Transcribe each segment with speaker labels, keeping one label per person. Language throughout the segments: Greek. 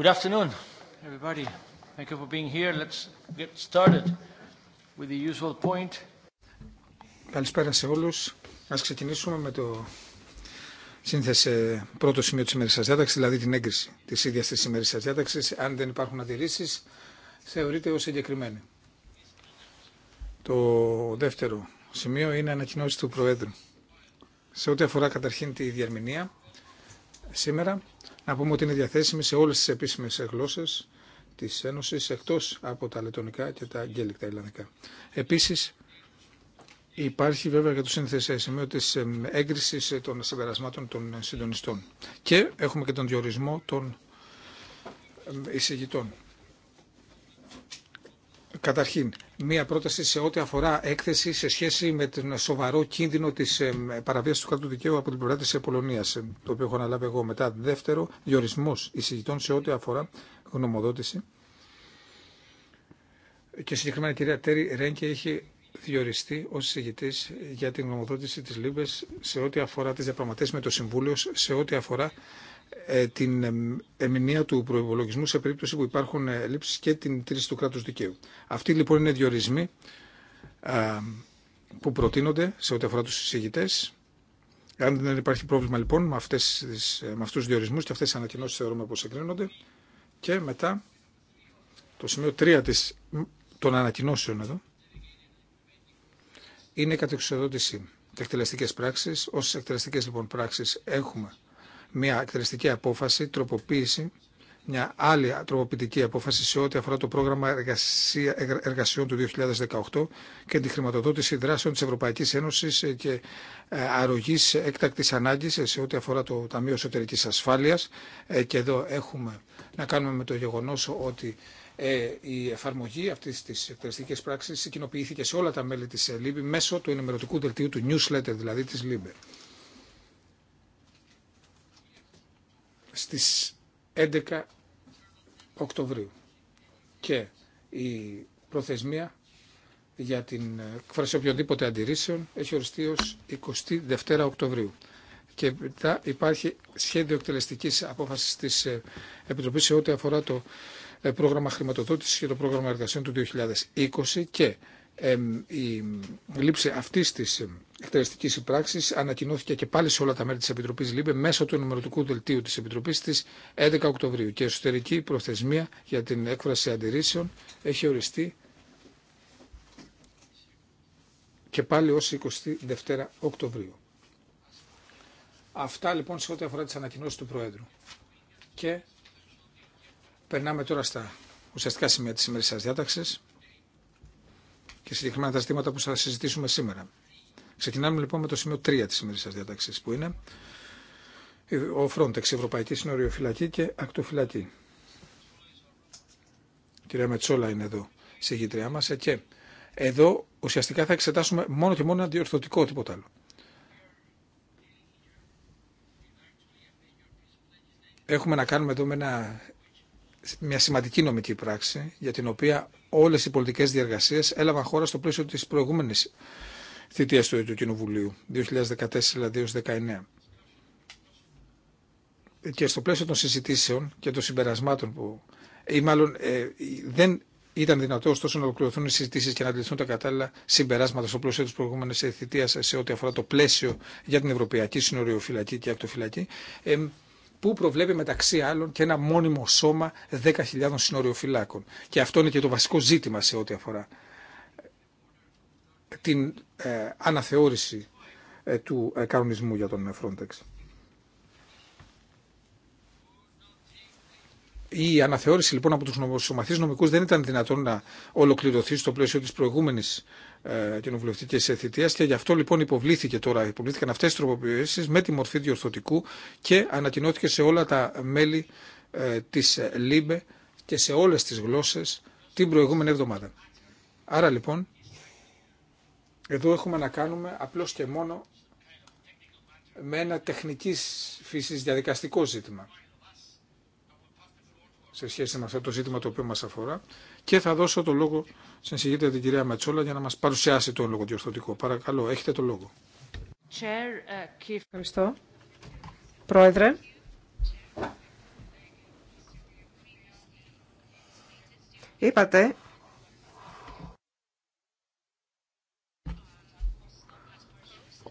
Speaker 1: Good afternoon, everybody. Thank you for being here. Let's get started with
Speaker 2: the usual point. Καλησπέρα σε όλους. Ας ξεκινήσουμε με το σύνθεση πρώτο σημείο της σα διάταξης, δηλαδή την έγκριση της ίδιας της σα διάταξης. Αν δεν υπάρχουν αντιρρήσεις, θεωρείται ως εγκεκριμένη. Το δεύτερο σημείο είναι ανακοινώσει του Προέδρου. Σε ό,τι αφορά καταρχήν τη διαρμηνία, σήμερα να πούμε ότι είναι διαθέσιμη σε όλες τις επίσημες γλώσσες της Ένωσης εκτός από τα λετωνικά και τα αγγέλικα ελληνικά. Επίσης υπάρχει βέβαια για το σύνθεση σημείο της έγκρισης των συμπερασμάτων των συντονιστών και έχουμε και τον διορισμό των εισηγητών. Καταρχήν, μία πρόταση σε ό,τι αφορά έκθεση σε σχέση με τον σοβαρό κίνδυνο τη ε, παραβίαση του κράτου δικαίου από την πλευρά τη Πολωνία, ε, το οποίο έχω αναλάβει εγώ. Μετά, δεύτερο, διορισμό εισηγητών σε ό,τι αφορά γνωμοδότηση. Και συγκεκριμένα η κυρία Τέρι Ρέγκε έχει διοριστεί ω εισηγητή για την γνωμοδότηση τη ΛΥΜΠΕΣ σε ό,τι αφορά τι διαπραγματεύσει με το Συμβούλιο, σε ό,τι αφορά ε, την εμηνία του προπολογισμού σε περίπτωση που υπάρχουν ε, λήψεις και την τήρηση του κράτους δικαίου. Αυτοί λοιπόν είναι διορισμοί ε, που προτείνονται σε ό,τι αφορά τους εισηγητές. Αν δεν υπάρχει πρόβλημα λοιπόν με, αυτές, με αυτούς τους διορισμούς και αυτές τις ανακοινώσεις θεωρούμε πως εγκρίνονται. Και μετά το σημείο 3 της, των ανακοινώσεων εδώ είναι η κατεξοδότηση. εκτελεστικές πράξεις, όσες εκτελεστικές λοιπόν πράξεις έχουμε μια εκτελεστική απόφαση, τροποποίηση, μια άλλη τροποποιητική απόφαση σε ό,τι αφορά το πρόγραμμα εργασία, εργασιών του 2018 και τη χρηματοδότηση δράσεων της Ευρωπαϊκής Ένωσης και ε, αρρωγής έκτακτης ανάγκης σε ό,τι αφορά το Ταμείο Εσωτερικής Ασφάλειας. Ε, και εδώ έχουμε να κάνουμε με το γεγονός ότι ε, η εφαρμογή αυτής της εκτελεστικής πράξης κοινοποιήθηκε σε όλα τα μέλη της ΛΥΜΠΗ μέσω του ενημερωτικού δελτίου του newsletter, δηλαδή της ΛΥΜΠΗ. στις 11 Οκτωβρίου και η προθεσμία για την εκφράση οποιοδήποτε αντιρρήσεων έχει οριστεί ως 22 Οκτωβρίου. Και μετά υπάρχει σχέδιο εκτελεστικής απόφασης της ε, Επιτροπής σε ό,τι αφορά το ε, πρόγραμμα χρηματοδότησης και το πρόγραμμα εργασιών του 2020 και η λήψη αυτής της εκτελεστική πράξη ανακοινώθηκε και πάλι σε όλα τα μέρη τη Επιτροπή ΛΥΜΠΕ μέσω του ενημερωτικού δελτίου τη Επιτροπή τη 11 Οκτωβρίου. Και η εσωτερική προθεσμία για την έκφραση αντιρρήσεων έχει οριστεί και πάλι ως 22 Οκτωβρίου. Αυτά λοιπόν σε ό,τι αφορά τις ανακοινώσεις του Προέδρου. Και περνάμε τώρα στα ουσιαστικά σημεία της σημερινής διάταξης και συγκεκριμένα τα ζητήματα που θα συζητήσουμε σήμερα. Ξεκινάμε λοιπόν με το σημείο 3 της σημερινής διαταξή, που είναι ο Frontex, Ευρωπαϊκή Συνοριοφυλακή και Ακτοφυλακή. Η κυρία Μετσόλα είναι εδώ, συγγήτριά μα. Ε, και εδώ ουσιαστικά θα εξετάσουμε μόνο και μόνο ένα διορθωτικό, τίποτα άλλο. Έχουμε να κάνουμε εδώ με μια σημαντική νομική πράξη για την οποία όλες οι πολιτικές διεργασίες έλαβαν χώρα στο πλαίσιο της προηγούμενης θητείας του, του Κοινοβουλίου, 2014-2019. Και στο πλαίσιο των συζητήσεων και των συμπερασμάτων που, ή μάλλον ε, δεν ήταν δυνατό ωστόσο να ολοκληρωθούν οι συζητήσει και να αντιληφθούν τα κατάλληλα συμπεράσματα στο πλαίσιο τη προηγούμενη θητεία σε ό,τι αφορά το πλαίσιο για την Ευρωπαϊκή Συνοριοφυλακή και Ακτοφυλακή, ε, που προβλέπει μεταξύ άλλων και ένα μόνιμο σώμα 10.000 συνοριοφυλάκων. Και αυτό είναι και το βασικό ζήτημα σε ό,τι αφορά την ε, αναθεώρηση ε, του ε, κανονισμού για τον Frontex. Η αναθεώρηση λοιπόν από τους νομοσωμαθείς νομικούς δεν ήταν δυνατόν να ολοκληρωθεί στο πλαίσιο της προηγούμενης ε, κοινοβουλευτικής εθιτείας και γι' αυτό λοιπόν υποβλήθηκε τώρα, υποβλήθηκαν αυτές οι τροποποιήσεις με τη μορφή διορθωτικού και ανακοινώθηκε σε όλα τα μέλη ε, της ΛΥΜΠΕ και σε όλες τις γλώσσες την προηγούμενη εβδομάδα. Άρα λοιπόν εδώ έχουμε να κάνουμε απλώς και μόνο με ένα τεχνικής φύσης διαδικαστικό ζήτημα σε σχέση με αυτό το ζήτημα το οποίο μας αφορά και θα δώσω το λόγο στην συγγήτρια την κυρία Μετσόλα για να μας παρουσιάσει το λόγο διορθωτικό. Παρακαλώ, έχετε το λόγο.
Speaker 3: Uh, Ευχαριστώ. Πρόεδρε. Είπατε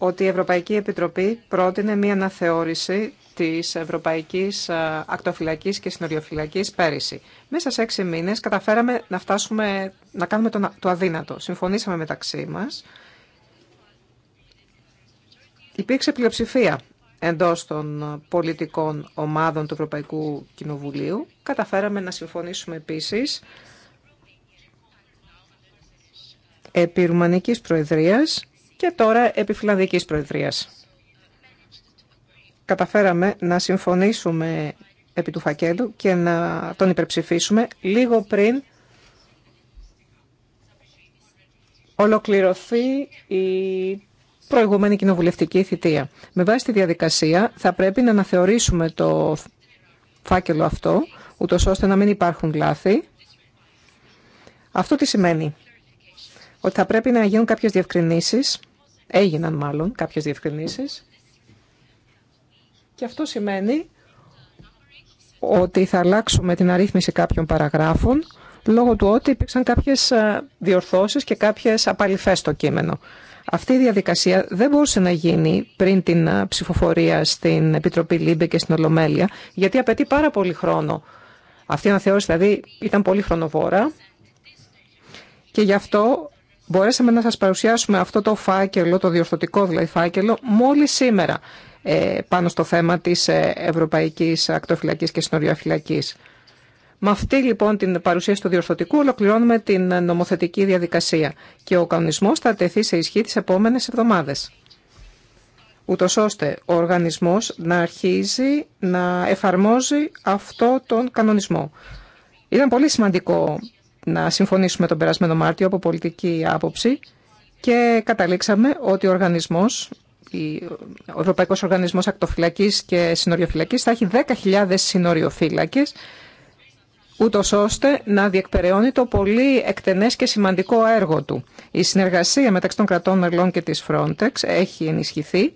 Speaker 3: ότι η Ευρωπαϊκή Επιτροπή πρότεινε μία αναθεώρηση της Ευρωπαϊκής ε, Ακτοφυλακής και Συνοριοφυλακής πέρυσι. Μέσα σε έξι μήνες καταφέραμε να φτάσουμε, να κάνουμε το αδύνατο. Συμφωνήσαμε μεταξύ μας. Υπήρξε πλειοψηφία εντός των πολιτικών ομάδων του Ευρωπαϊκού Κοινοβουλίου. Καταφέραμε να συμφωνήσουμε επίσης επί Ρουμανικής Προεδρίας και τώρα επί Φιλανδικής Προεδρίας. Καταφέραμε να συμφωνήσουμε επί του φακέλου και να τον υπερψηφίσουμε λίγο πριν ολοκληρωθεί η προηγούμενη κοινοβουλευτική θητεία. Με βάση τη διαδικασία θα πρέπει να αναθεωρήσουμε το φάκελο αυτό, ούτω ώστε να μην υπάρχουν λάθη. Αυτό τι σημαίνει. Ότι θα πρέπει να γίνουν κάποιες διευκρινήσεις Έγιναν μάλλον κάποιες διευκρινήσεις και αυτό σημαίνει ότι θα αλλάξουμε την αρρύθμιση κάποιων παραγράφων λόγω του ότι υπήρξαν κάποιες ε, διορθώσεις και κάποιες απαλληφές στο κείμενο. Αυτή η διαδικασία δεν μπορούσε να γίνει πριν την ε, ψηφοφορία στην Επιτροπή Λίμπε και στην Ολομέλεια, γιατί απαιτεί πάρα πολύ χρόνο. Αυτή η αναθεώρηση δηλαδή ήταν πολύ χρονοβόρα και γι' αυτό μπορέσαμε να σας παρουσιάσουμε αυτό το φάκελο, το διορθωτικό δηλαδή φάκελο, μόλις σήμερα ε, πάνω στο θέμα της ε, Ευρωπαϊκής Ακτοφυλακής και Συνοριοφυλακής. Με αυτή λοιπόν την παρουσίαση του διορθωτικού ολοκληρώνουμε την νομοθετική διαδικασία και ο κανονισμός θα τεθεί σε ισχύ τις επόμενες εβδομάδες. Ούτω ώστε ο οργανισμός να αρχίζει να εφαρμόζει αυτό τον κανονισμό. Ήταν πολύ σημαντικό να συμφωνήσουμε τον περασμένο Μάρτιο από πολιτική άποψη και καταλήξαμε ότι ο οργανισμός, ο Ευρωπαϊκός Οργανισμός Ακτοφυλακής και Συνοριοφυλακής θα έχει 10.000 συνοριοφύλακες ούτω ώστε να διεκπεραιώνει το πολύ εκτενές και σημαντικό έργο του. Η συνεργασία μεταξύ των κρατών μελών και της Frontex έχει ενισχυθεί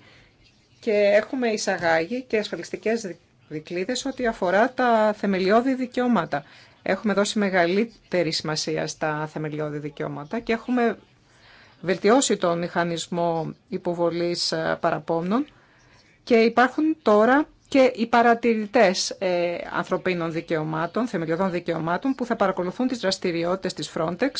Speaker 3: και έχουμε εισαγάγει και ασφαλιστικές δικλείδες ό,τι αφορά τα θεμελιώδη δικαιώματα. Έχουμε δώσει μεγαλύτερη σημασία στα θεμελιώδη δικαιώματα και έχουμε βελτιώσει τον μηχανισμό υποβολής ε, παραπόμνων και υπάρχουν τώρα και οι παρατηρητές ε, ανθρωπίνων δικαιωμάτων, θεμελιωδών δικαιωμάτων που θα παρακολουθούν τις δραστηριότητες της Frontex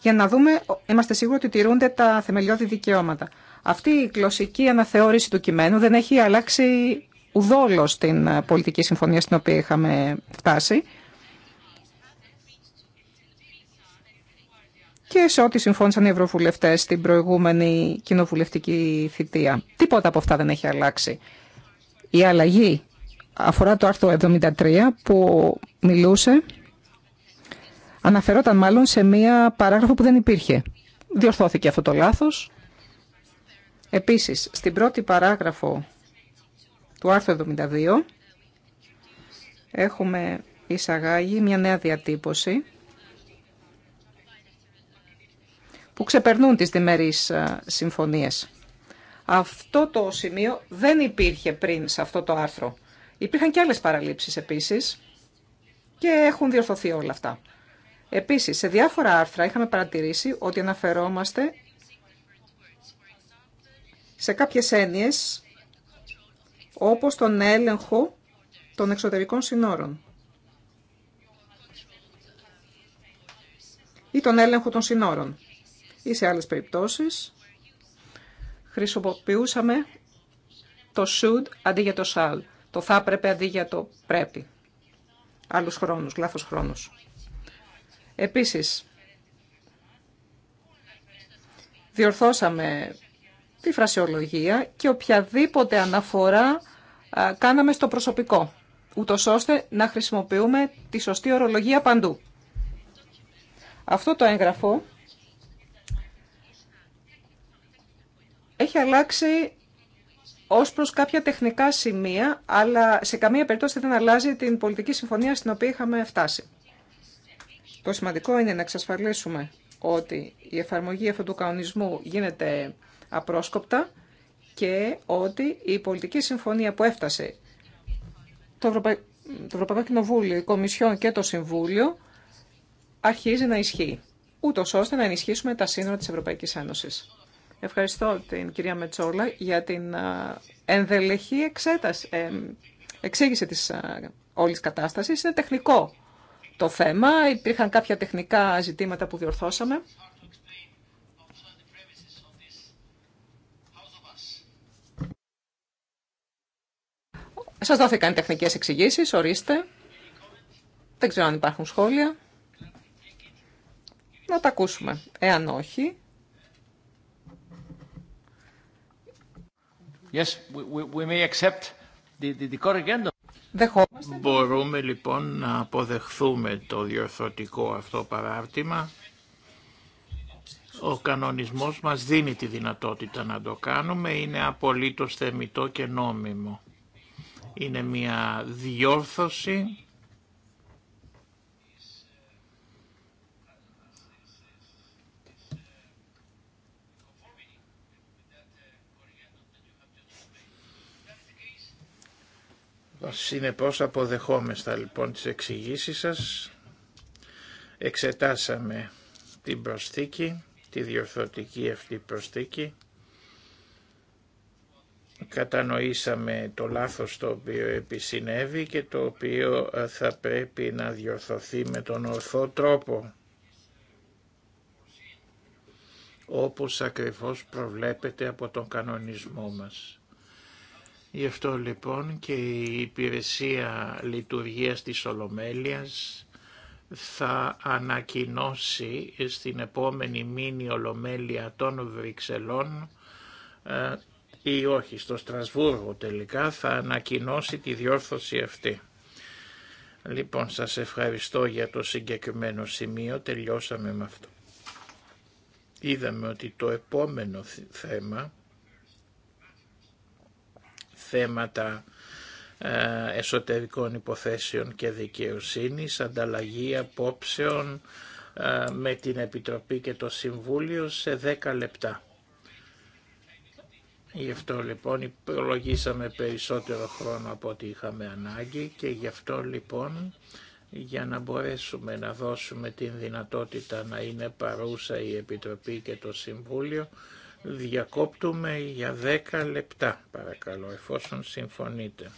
Speaker 3: για να δούμε, είμαστε σίγουροι ότι τηρούνται τα θεμελιώδη δικαιώματα. Αυτή η γλωσσική αναθεώρηση του κειμένου δεν έχει αλλάξει ουδόλω στην ε, πολιτική συμφωνία στην οποία είχαμε φτάσει. και σε ό,τι συμφώνησαν οι ευρωβουλευτέ στην προηγούμενη κοινοβουλευτική θητεία. Τίποτα από αυτά δεν έχει αλλάξει. Η αλλαγή αφορά το άρθρο 73 που μιλούσε, αναφερόταν μάλλον σε μία παράγραφο που δεν υπήρχε. Διορθώθηκε αυτό το λάθος. Επίσης, στην πρώτη παράγραφο του άρθρου 72 έχουμε εισαγάγει μια νέα διατύπωση που ξεπερνούν τις διμερείς ε, συμφωνίες. Αυτό το σημείο δεν υπήρχε πριν σε αυτό το άρθρο. Υπήρχαν και άλλες παραλήψεις επίσης και έχουν διορθωθεί όλα αυτά. Επίσης, σε διάφορα άρθρα είχαμε παρατηρήσει ότι αναφερόμαστε σε κάποιες έννοιες όπως τον έλεγχο των εξωτερικών συνόρων ή τον έλεγχο των συνόρων. Ή σε άλλες περιπτώσεις χρησιμοποιούσαμε το should αντί για το shall, το θα πρέπει αντί για το πρέπει. Άλλους χρόνους, λάθος χρόνους. Επίσης, διορθώσαμε τη φρασιολογία και οποιαδήποτε αναφορά κάναμε στο προσωπικό, ούτω ώστε να χρησιμοποιούμε τη σωστή ορολογία παντού. Αυτό το έγγραφο έχει αλλάξει ως προς κάποια τεχνικά σημεία, αλλά σε καμία περίπτωση δεν αλλάζει την πολιτική συμφωνία στην οποία είχαμε φτάσει. Το σημαντικό είναι να εξασφαλίσουμε ότι η εφαρμογή αυτού του κανονισμού γίνεται απρόσκοπτα και ότι η πολιτική συμφωνία που έφτασε το, το Ευρωπαϊκό Κοινοβούλιο, η Κομισιόν και το Συμβούλιο αρχίζει να ισχύει, ούτω ώστε να ενισχύσουμε τα σύνορα της Ευρωπαϊκής Ένωσης. Ευχαριστώ την κυρία Μετσόλα για την ενδελεχή εξέταση, ε, εξήγηση της όλης κατάστασης. Είναι τεχνικό το θέμα. Υπήρχαν κάποια τεχνικά ζητήματα που διορθώσαμε. Σα δόθηκαν τεχνικές εξηγήσει, ορίστε. Δεν ξέρω αν υπάρχουν σχόλια. Να τα ακούσουμε. Εάν όχι...
Speaker 1: Yes, we, may accept the, the, the Μπορούμε λοιπόν να αποδεχθούμε το διορθωτικό αυτό παράρτημα. Ο κανονισμός μας δίνει τη δυνατότητα να το κάνουμε, είναι απολύτως θεμητό και νόμιμο είναι μια διόρθωση Συνεπώς αποδεχόμεστα λοιπόν τις εξηγήσεις σας. Εξετάσαμε την προσθήκη, τη διορθωτική αυτή προσθήκη κατανοήσαμε το λάθος το οποίο επισυνέβη και το οποίο ε, θα πρέπει να διορθωθεί με τον ορθό τρόπο όπως ακριβώς προβλέπεται από τον κανονισμό μας. Γι' αυτό λοιπόν και η υπηρεσία λειτουργίας της Ολομέλειας θα ανακοινώσει στην επόμενη μήνυ Ολομέλεια των Βρυξελών ε, ή όχι στο Στρασβούργο τελικά θα ανακοινώσει τη διόρθωση αυτή. Λοιπόν, σας ευχαριστώ για το συγκεκριμένο σημείο, τελειώσαμε με αυτό. Είδαμε ότι το επόμενο θέμα, θέματα ε, εσωτερικών υποθέσεων και δικαιοσύνης, ανταλλαγή απόψεων ε, με την Επιτροπή και το Συμβούλιο σε 10 λεπτά. Γι' αυτό λοιπόν υπολογίσαμε περισσότερο χρόνο από ό,τι είχαμε ανάγκη και γι' αυτό λοιπόν για να μπορέσουμε να δώσουμε την δυνατότητα να είναι παρούσα η Επιτροπή και το Συμβούλιο διακόπτουμε για 10 λεπτά παρακαλώ εφόσον συμφωνείτε.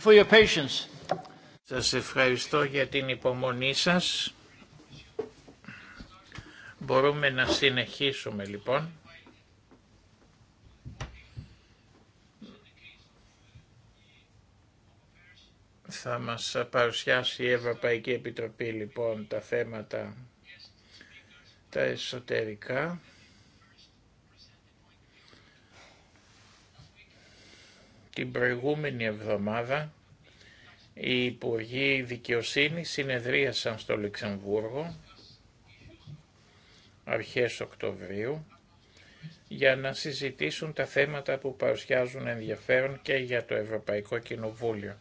Speaker 1: for Σας ευχαριστώ για την υπομονή σας. Μπορούμε να συνεχίσουμε λοιπόν. Θα μας παρουσιάσει η Ευρωπαϊκή Επιτροπή λοιπόν τα θέματα τα εσωτερικά. Την προηγούμενη εβδομάδα οι Υπουργοί Δικαιοσύνη συνεδρίασαν στο Λουξεμβούργο αρχές Οκτωβρίου για να συζητήσουν τα θέματα που παρουσιάζουν ενδιαφέρον και για το Ευρωπαϊκό Κοινοβούλιο.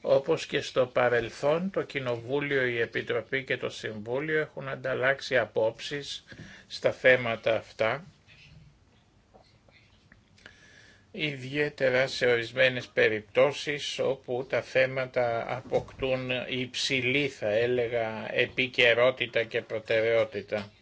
Speaker 1: Όπως και στο παρελθόν, το Κοινοβούλιο, η Επιτροπή και το Συμβούλιο έχουν ανταλλάξει απόψεις στα θέματα αυτά ιδιαίτερα σε ορισμένες περιπτώσεις όπου τα θέματα αποκτούν υψηλή θα έλεγα επικαιρότητα και προτεραιότητα.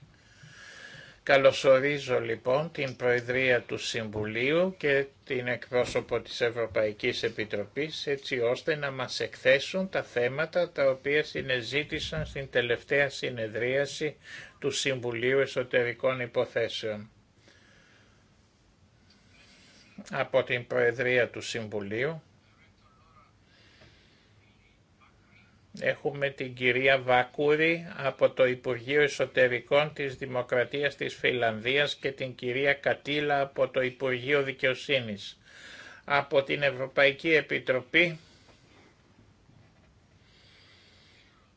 Speaker 1: Καλωσορίζω λοιπόν την Προεδρία του Συμβουλίου και την εκπρόσωπο της Ευρωπαϊκής Επιτροπής έτσι ώστε να μας εκθέσουν τα θέματα τα οποία συνεζήτησαν στην τελευταία συνεδρίαση του Συμβουλίου Εσωτερικών Υποθέσεων από την Προεδρία του Συμβουλίου. Έχουμε την κυρία Βάκουρη από το Υπουργείο Εσωτερικών της Δημοκρατίας της Φιλανδίας και την κυρία Κατήλα από το Υπουργείο Δικαιοσύνης. Από την Ευρωπαϊκή Επιτροπή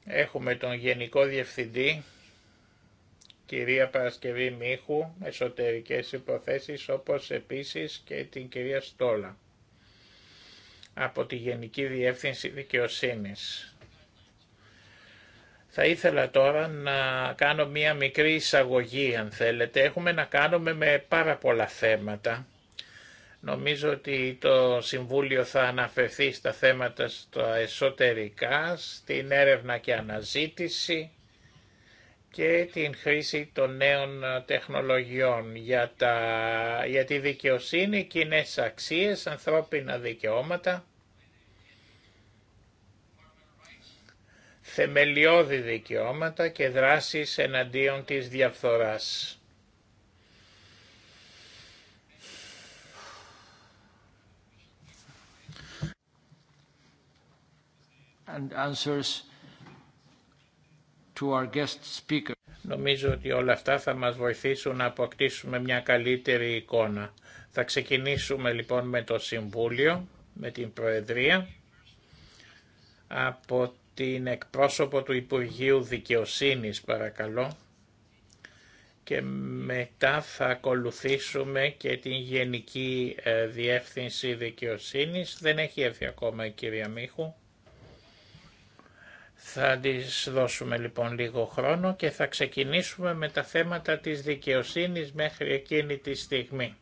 Speaker 1: έχουμε τον Γενικό Διευθυντή κυρία Παρασκευή Μίχου, εσωτερικές υποθέσεις, όπως επίσης και την κυρία Στόλα από τη Γενική Διεύθυνση Δικαιοσύνης. Θα ήθελα τώρα να κάνω μία μικρή εισαγωγή, αν θέλετε. Έχουμε να κάνουμε με πάρα πολλά θέματα. Νομίζω ότι το Συμβούλιο θα αναφερθεί στα θέματα στα εσωτερικά, στην έρευνα και αναζήτηση, και την χρήση των νέων ε, τεχνολογιών για, τα, για τη δικαιοσύνη, κοινέ αξίες, ανθρώπινα δικαιώματα, θεμελιώδη δικαιώματα και δράσεις εναντίον της διαφθοράς. And answers to our guest Νομίζω ότι όλα αυτά θα μας βοηθήσουν να αποκτήσουμε μια καλύτερη εικόνα. Θα ξεκινήσουμε λοιπόν με το Συμβούλιο, με την Προεδρία, από την εκπρόσωπο του Υπουργείου Δικαιοσύνης παρακαλώ και μετά θα ακολουθήσουμε και την Γενική ε, Διεύθυνση Δικαιοσύνης. Δεν έχει έρθει ακόμα η κυρία Μίχου. Θα της δώσουμε λοιπόν λίγο χρόνο και θα ξεκινήσουμε με τα θέματα της δικαιοσύνης μέχρι εκείνη τη στιγμή.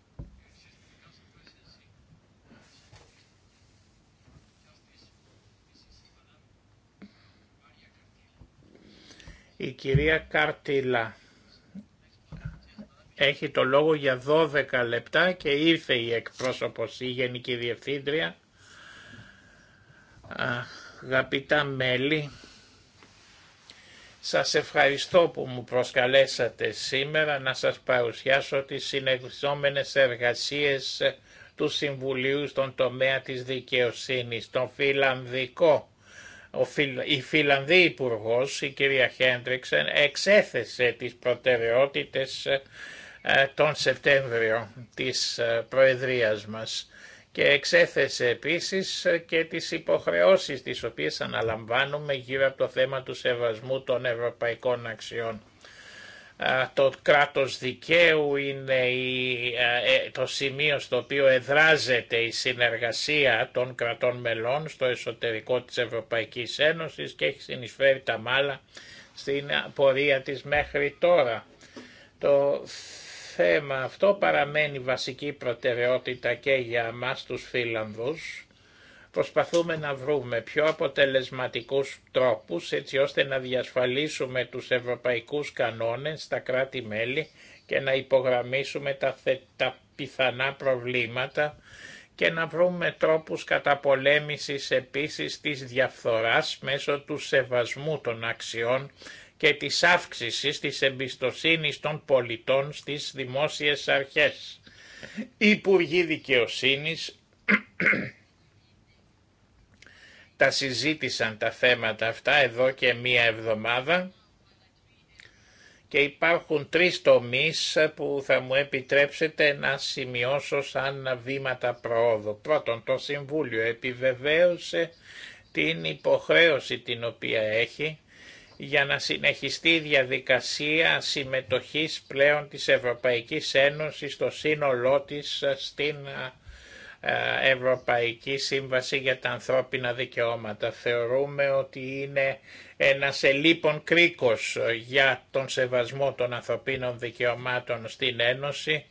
Speaker 1: Η κυρία Καρτίλα έχει το λόγο για 12 λεπτά και ήρθε η εκπρόσωπος, η Γενική Διευθύντρια. Αγαπητά μέλη, σας ευχαριστώ που μου προσκαλέσατε σήμερα να σας παρουσιάσω τις συνεχιζόμενες εργασίες του Συμβουλίου στον τομέα της δικαιοσύνης, τον Φιλανδικό. Ο Η Φιλανδή υπουργό, η κυρία Χέντριξεν, εξέθεσε τις προτεραιότητες ε, τον Σεπτέμβριο της ε, Προεδρίας μας και εξέθεσε επίσης και τις υποχρεώσεις τις οποίες αναλαμβάνουμε γύρω από το θέμα του σεβασμού των ευρωπαϊκών αξιών. Το κράτος δικαίου είναι ε, το σημείο στο οποίο εδράζεται η συνεργασία των κρατών μελών στο εσωτερικό της Ευρωπαϊκής Ένωσης και έχει συνεισφέρει τα μάλα στην πορεία της μέχρι τώρα. Το θέμα αυτό παραμένει βασική προτεραιότητα και για μας τους Φίλανδους. Προσπαθούμε να βρούμε πιο αποτελεσματικούς τρόπους έτσι ώστε να διασφαλίσουμε τους ευρωπαϊκούς κανόνες στα κράτη-μέλη και να υπογραμμίσουμε τα, τα πιθανά προβλήματα και να βρούμε τρόπους καταπολέμησης επίσης της διαφθοράς μέσω του σεβασμού των αξιών και της αύξησης της εμπιστοσύνης των πολιτών στις δημόσιες αρχές. Υπουργοί Δικαιοσύνης τα συζήτησαν τα θέματα αυτά εδώ και μία εβδομάδα και υπάρχουν τρεις τομείς που θα μου επιτρέψετε να σημειώσω σαν βήματα προόδου. Πρώτον, το Συμβούλιο επιβεβαίωσε την υποχρέωση την οποία έχει για να συνεχιστεί η διαδικασία συμμετοχής πλέον της Ευρωπαϊκής Ένωσης στο σύνολό της στην ε, ε, Ευρωπαϊκή Σύμβαση για τα Ανθρώπινα Δικαιώματα. Θεωρούμε ότι είναι ένας ελίπων κρίκος για τον σεβασμό των ανθρωπίνων δικαιωμάτων στην Ένωση.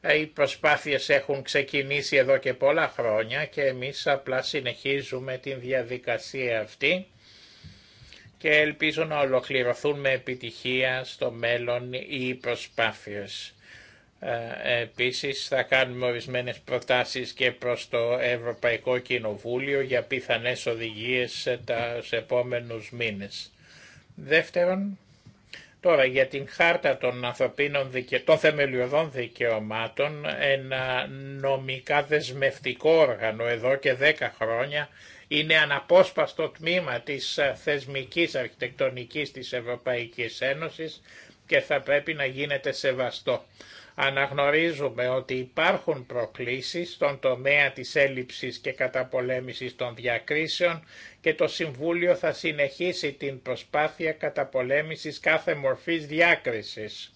Speaker 1: Ε, οι προσπάθειες έχουν ξεκινήσει εδώ και πολλά χρόνια και εμείς απλά συνεχίζουμε την διαδικασία αυτή και ελπίζω να ολοκληρωθούν με επιτυχία στο μέλλον οι προσπάθειες. Ε, επίσης θα κάνουμε ορισμένες προτάσεις και προς το Ευρωπαϊκό Κοινοβούλιο για πιθανές οδηγίες σε τα επόμενους μήνες. Δεύτερον, τώρα για την χάρτα των, ανθρωπίνων δικαι... των θεμελιωδών δικαιωμάτων, ένα νομικά δεσμευτικό όργανο εδώ και 10 χρόνια είναι αναπόσπαστο τμήμα της ε, θεσμικής αρχιτεκτονικής της Ευρωπαϊκής Ένωσης και θα πρέπει να γίνεται σεβαστό. Αναγνωρίζουμε ότι υπάρχουν προκλήσεις στον τομέα της έλλειψης και καταπολέμησης των διακρίσεων και το Συμβούλιο θα συνεχίσει την προσπάθεια καταπολέμησης κάθε μορφής διάκρισης.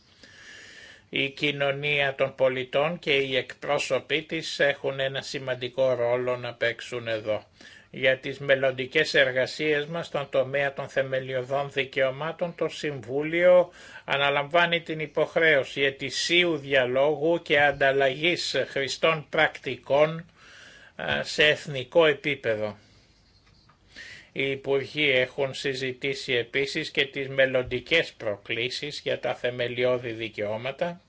Speaker 1: Η κοινωνία των πολιτών και οι εκπρόσωποι της έχουν ένα σημαντικό ρόλο να παίξουν εδώ για τις μελλοντικές εργασίες μας στον τομέα των θεμελιωδών δικαιωμάτων, το Συμβούλιο αναλαμβάνει την υποχρέωση ετησίου διαλόγου και ανταλλαγής χρηστών πρακτικών σε εθνικό επίπεδο. Οι Υπουργοί έχουν συζητήσει επίσης και τις μελλοντικές προκλήσεις για τα θεμελιώδη δικαιώματα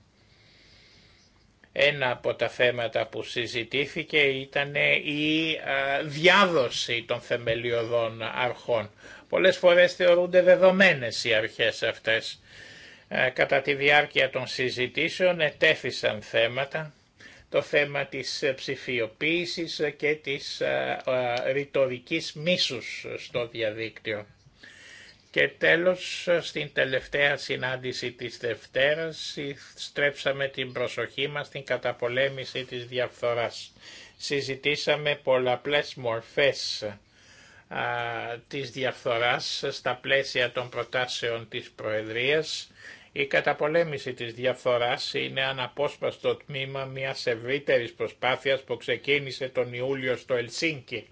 Speaker 1: ένα από τα θέματα που συζητήθηκε ήταν η διάδοση των θεμελιωδών αρχών. Πολλές φορές θεωρούνται δεδομένες οι αρχές αυτές. Ε, κατά τη διάρκεια των συζητήσεων ετέθησαν θέματα, το θέμα της ψηφιοποίησης και της ρητορικής μίσους στο διαδίκτυο. Και τέλος, στην τελευταία συνάντηση της Δευτέρας, στρέψαμε την προσοχή μας στην καταπολέμηση της διαφθοράς. Συζητήσαμε πολλαπλές μορφές α, της διαφθοράς στα πλαίσια των προτάσεων της Προεδρίας. Η καταπολέμηση της διαφθοράς είναι αναπόσπαστο τμήμα μιας ευρύτερης προσπάθειας που ξεκίνησε τον Ιούλιο στο Ελσίνκι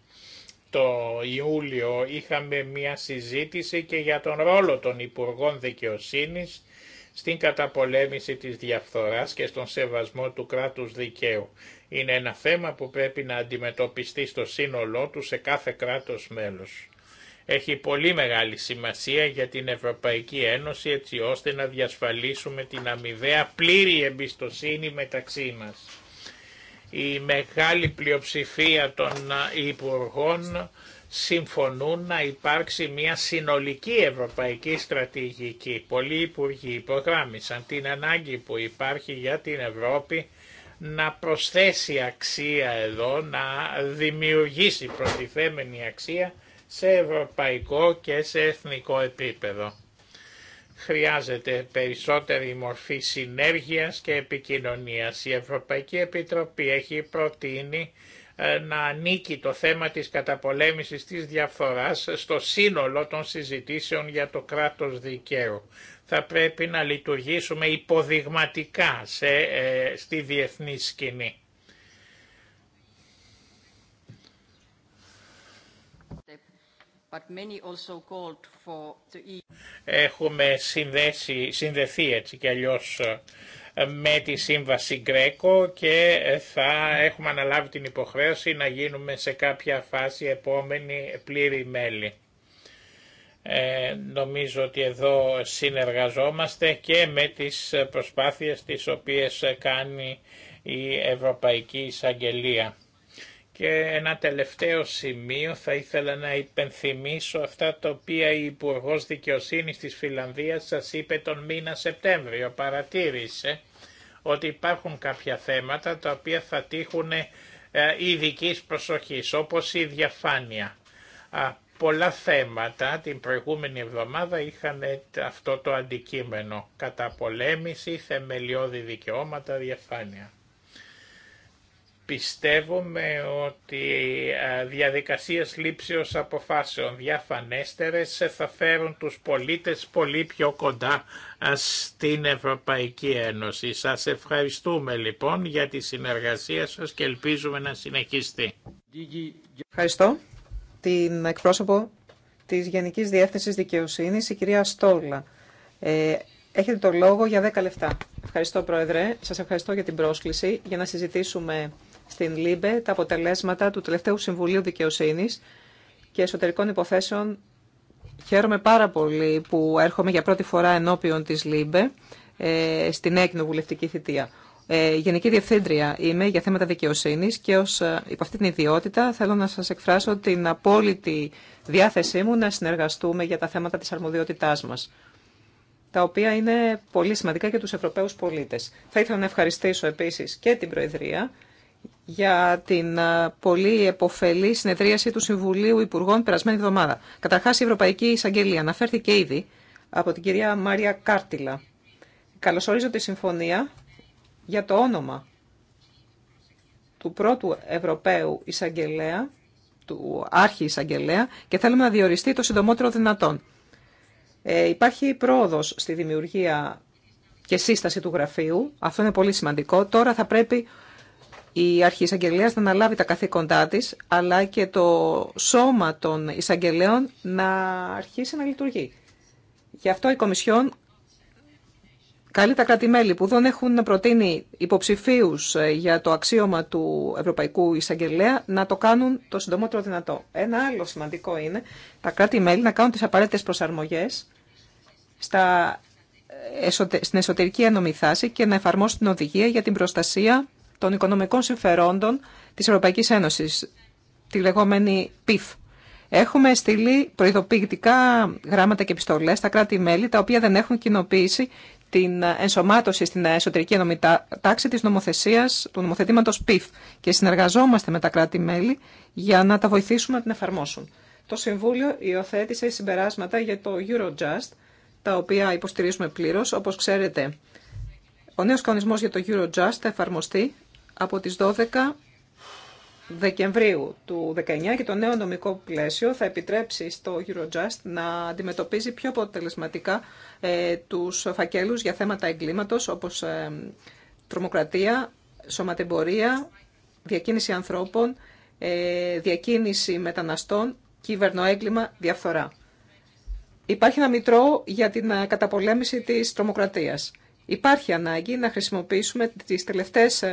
Speaker 1: το Ιούλιο είχαμε μια συζήτηση και για τον ρόλο των Υπουργών Δικαιοσύνης στην καταπολέμηση της διαφθοράς και στον σεβασμό του κράτους δικαίου. Είναι ένα θέμα που πρέπει να αντιμετωπιστεί στο σύνολό του σε κάθε κράτος μέλος. Έχει πολύ μεγάλη σημασία για την Ευρωπαϊκή Ένωση έτσι ώστε να διασφαλίσουμε την αμοιβαία πλήρη εμπιστοσύνη μεταξύ μας η μεγάλη πλειοψηφία των υπουργών συμφωνούν να υπάρξει μια συνολική ευρωπαϊκή στρατηγική. Πολλοί υπουργοί υπογράμμισαν την ανάγκη που υπάρχει για την Ευρώπη να προσθέσει αξία εδώ, να δημιουργήσει προτιθέμενη αξία σε ευρωπαϊκό και σε εθνικό επίπεδο. Χρειάζεται περισσότερη μορφή συνέργειας και επικοινωνίας. Η Ευρωπαϊκή Επιτροπή έχει προτείνει ε, να ανήκει το θέμα της καταπολέμησης της διαφοράς στο σύνολο των συζητήσεων για το κράτος δικαίου. Θα πρέπει να λειτουργήσουμε υποδειγματικά σε, ε, στη διεθνή σκηνή. E έχουμε συνδέσει, συνδεθεί έτσι και αλλιώς ε, με τη σύμβαση Γκρέκο και θα έχουμε αναλάβει την υποχρέωση να γίνουμε σε κάποια φάση επόμενη πλήρη μέλη. Ε, νομίζω ότι εδώ συνεργαζόμαστε και με τις προσπάθειες τις οποίες κάνει η Ευρωπαϊκή Εισαγγελία. Και ένα τελευταίο σημείο θα ήθελα να υπενθυμίσω αυτά τα οποία η Υπουργό Δικαιοσύνης της Φιλανδίας σας είπε τον μήνα Σεπτέμβριο. Παρατήρησε ότι υπάρχουν κάποια θέματα τα οποία θα τύχουν ε, ειδική προσοχής, όπως η διαφάνεια. Πολλά θέματα την προηγούμενη εβδομάδα είχαν ε, αυτό το αντικείμενο, καταπολέμηση, θεμελιώδη δικαιώματα, διαφάνεια. Πιστεύουμε ότι ε, διαδικασίες λήψεως αποφάσεων διαφανέστερες θα φέρουν τους πολίτες πολύ πιο κοντά ε, στην Ευρωπαϊκή Ένωση. Σας ευχαριστούμε λοιπόν για τη συνεργασία σας και ελπίζουμε να συνεχιστεί.
Speaker 3: Ευχαριστώ την εκπρόσωπο της Γενικής Διεύθυνσης Δικαιοσύνης, η κυρία Στόλα. Ε, έχετε το λόγο για 10 λεπτά. Ευχαριστώ, Πρόεδρε. Σας ευχαριστώ για την πρόσκληση για να συζητήσουμε στην ΛΥΜΠΕ τα αποτελέσματα του τελευταίου Συμβουλίου Δικαιοσύνη και Εσωτερικών Υποθέσεων. Χαίρομαι πάρα πολύ που έρχομαι για πρώτη φορά ενώπιον τη ΛΥΜΠΕ ε, στην έκνο βουλευτική θητεία. Ε, Γενική Διευθύντρια είμαι για θέματα δικαιοσύνη και ως, ε, υπό αυτή την ιδιότητα θέλω να σα εκφράσω την απόλυτη διάθεσή μου να συνεργαστούμε για τα θέματα τη αρμοδιότητά μα, τα οποία είναι πολύ σημαντικά για τους Ευρωπαίους πολίτες. Θα ήθελα να ευχαριστήσω επίσης και την Προεδρία για την ε, πολύ εποφελή συνεδρίαση του Συμβουλίου Υπουργών περασμένη εβδομάδα. Καταρχά, η Ευρωπαϊκή Εισαγγελία αναφέρθηκε ήδη από την κυρία Μάρια Κάρτιλα. Καλωσορίζω τη συμφωνία για το όνομα του πρώτου Ευρωπαίου Εισαγγελέα, του Άρχη Εισαγγελέα και θέλουμε να διοριστεί το συντομότερο δυνατόν. Ε, υπάρχει πρόοδος στη δημιουργία και σύσταση του γραφείου. Αυτό είναι πολύ σημαντικό. Τώρα θα πρέπει η αρχή εισαγγελέα να αναλάβει τα καθήκοντά τη, αλλά και το σώμα των εισαγγελέων να αρχίσει να λειτουργεί. Γι' αυτό η Κομισιόν καλεί τα κράτη-μέλη που δεν έχουν προτείνει υποψηφίου ε, για το αξίωμα του Ευρωπαϊκού Εισαγγελέα να το κάνουν το συντομότερο δυνατό. Ένα άλλο σημαντικό είναι τα κράτη-μέλη να κάνουν τι απαραίτητε προσαρμογέ στα, ε, στην εσωτερική θάση και να εφαρμόσουν την οδηγία για την προστασία των οικονομικών συμφερόντων της Ευρωπαϊκής Ένωσης, τη λεγόμενη PIF. Έχουμε στείλει προειδοποιητικά γράμματα και επιστολές στα κράτη-μέλη, τα οποία δεν έχουν κοινοποίησει την ενσωμάτωση στην εσωτερική τάξη της νομοθεσίας του νομοθετήματος PIF και συνεργαζόμαστε με τα κράτη-μέλη για να τα βοηθήσουμε να την εφαρμόσουν. Το Συμβούλιο υιοθέτησε συμπεράσματα για το Eurojust, τα οποία υποστηρίζουμε πλήρως. Όπως ξέρετε, ο νέος κανονισμός για το Eurojust θα εφαρμοστεί από τις 12 Δεκεμβρίου του 19 και το νέο νομικό πλαίσιο θα επιτρέψει στο Eurojust να αντιμετωπίζει πιο αποτελεσματικά ε, τους φακέλους για θέματα εγκλήματος όπως ε, τρομοκρατία, σωματεμπορία, διακίνηση ανθρώπων, ε, διακίνηση μεταναστών, κυβερνοέγκλημα, διαφθορά. Υπάρχει ένα μητρό για την ε, καταπολέμηση της τρομοκρατίας. Υπάρχει ανάγκη να χρησιμοποιήσουμε τις τελευταίες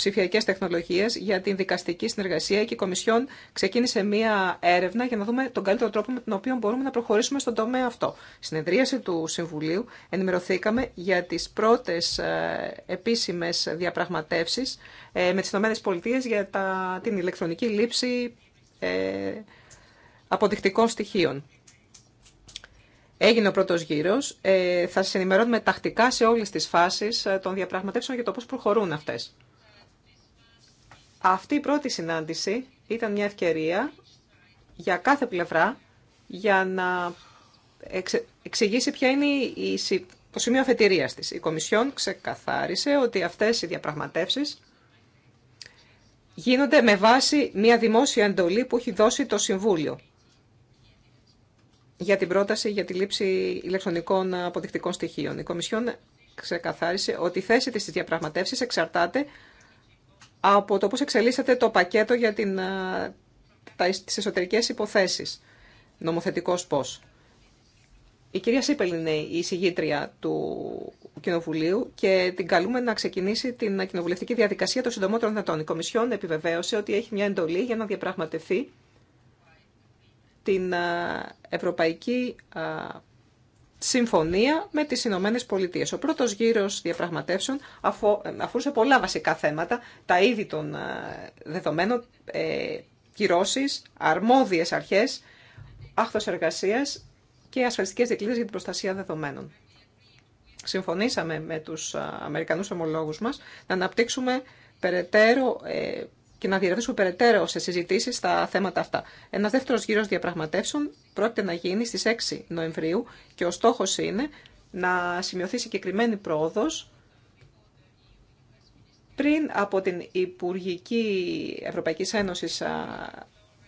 Speaker 3: ψηφιακέ τεχνολογίε για την δικαστική συνεργασία και η Κομισιόν ξεκίνησε μία έρευνα για να δούμε τον καλύτερο τρόπο με τον οποίο μπορούμε να προχωρήσουμε στον τομέα αυτό. Στην Συνεδρίαση του Συμβουλίου ενημερωθήκαμε για τι πρώτε επίσημε διαπραγματεύσει ε, με τις ΗΠΑ για τα, την ηλεκτρονική λήψη ε, αποδεικτικών στοιχείων. Έγινε ο πρώτο γύρο. Ε, θα σα ενημερώνουμε τακτικά σε όλε τι φάσει των διαπραγματεύσεων για το πώ προχωρούν αυτέ. Αυτή η πρώτη συνάντηση ήταν μια ευκαιρία για κάθε πλευρά για να εξηγήσει ποια είναι το σημείο αφετηρίας της. Η Κομισιόν ξεκαθάρισε ότι αυτές οι διαπραγματεύσεις γίνονται με βάση μια δημόσια εντολή που έχει δώσει το Συμβούλιο για την πρόταση για τη λήψη ηλεκτρονικών αποδεικτικών στοιχείων. Η Κομισιόν ξεκαθάρισε ότι η θέση της στις διαπραγματεύσεις εξαρτάται από το πώς εξελίσσεται το πακέτο για την, ε, τα, τις εσωτερικές υποθέσεις, νομοθετικός πώς. Η κυρία Σίπελ είναι η εισηγήτρια του Κοινοβουλίου και την καλούμε να ξεκινήσει την κοινοβουλευτική διαδικασία των συντομότερων δυνατών. Η Κομισιόν επιβεβαίωσε ότι έχει μια εντολή για να διαπραγματευτεί την ε, ευρωπαϊκή ε, συμφωνία με τις Ηνωμένε Πολιτείε. Ο πρώτος γύρος διαπραγματεύσεων αφορούσε πολλά βασικά θέματα, τα είδη των ε, δεδομένων, ε, κυρώσεις, αρμόδιες αρχές, άχθος εργασίας και ασφαλιστικές δικλείδες για την προστασία δεδομένων. Συμφωνήσαμε με τους ε, Αμερικανούς ομολόγους μας να αναπτύξουμε περαιτέρω ε, και να διερευνήσουμε περαιτέρω σε συζητήσει στα θέματα αυτά. Ένα δεύτερο γύρο διαπραγματεύσεων πρόκειται να γίνει στι 6 Νοεμβρίου και ο στόχο είναι να σημειωθεί συγκεκριμένη πρόοδο πριν από την Υπουργική Ευρωπαϊκή Ένωση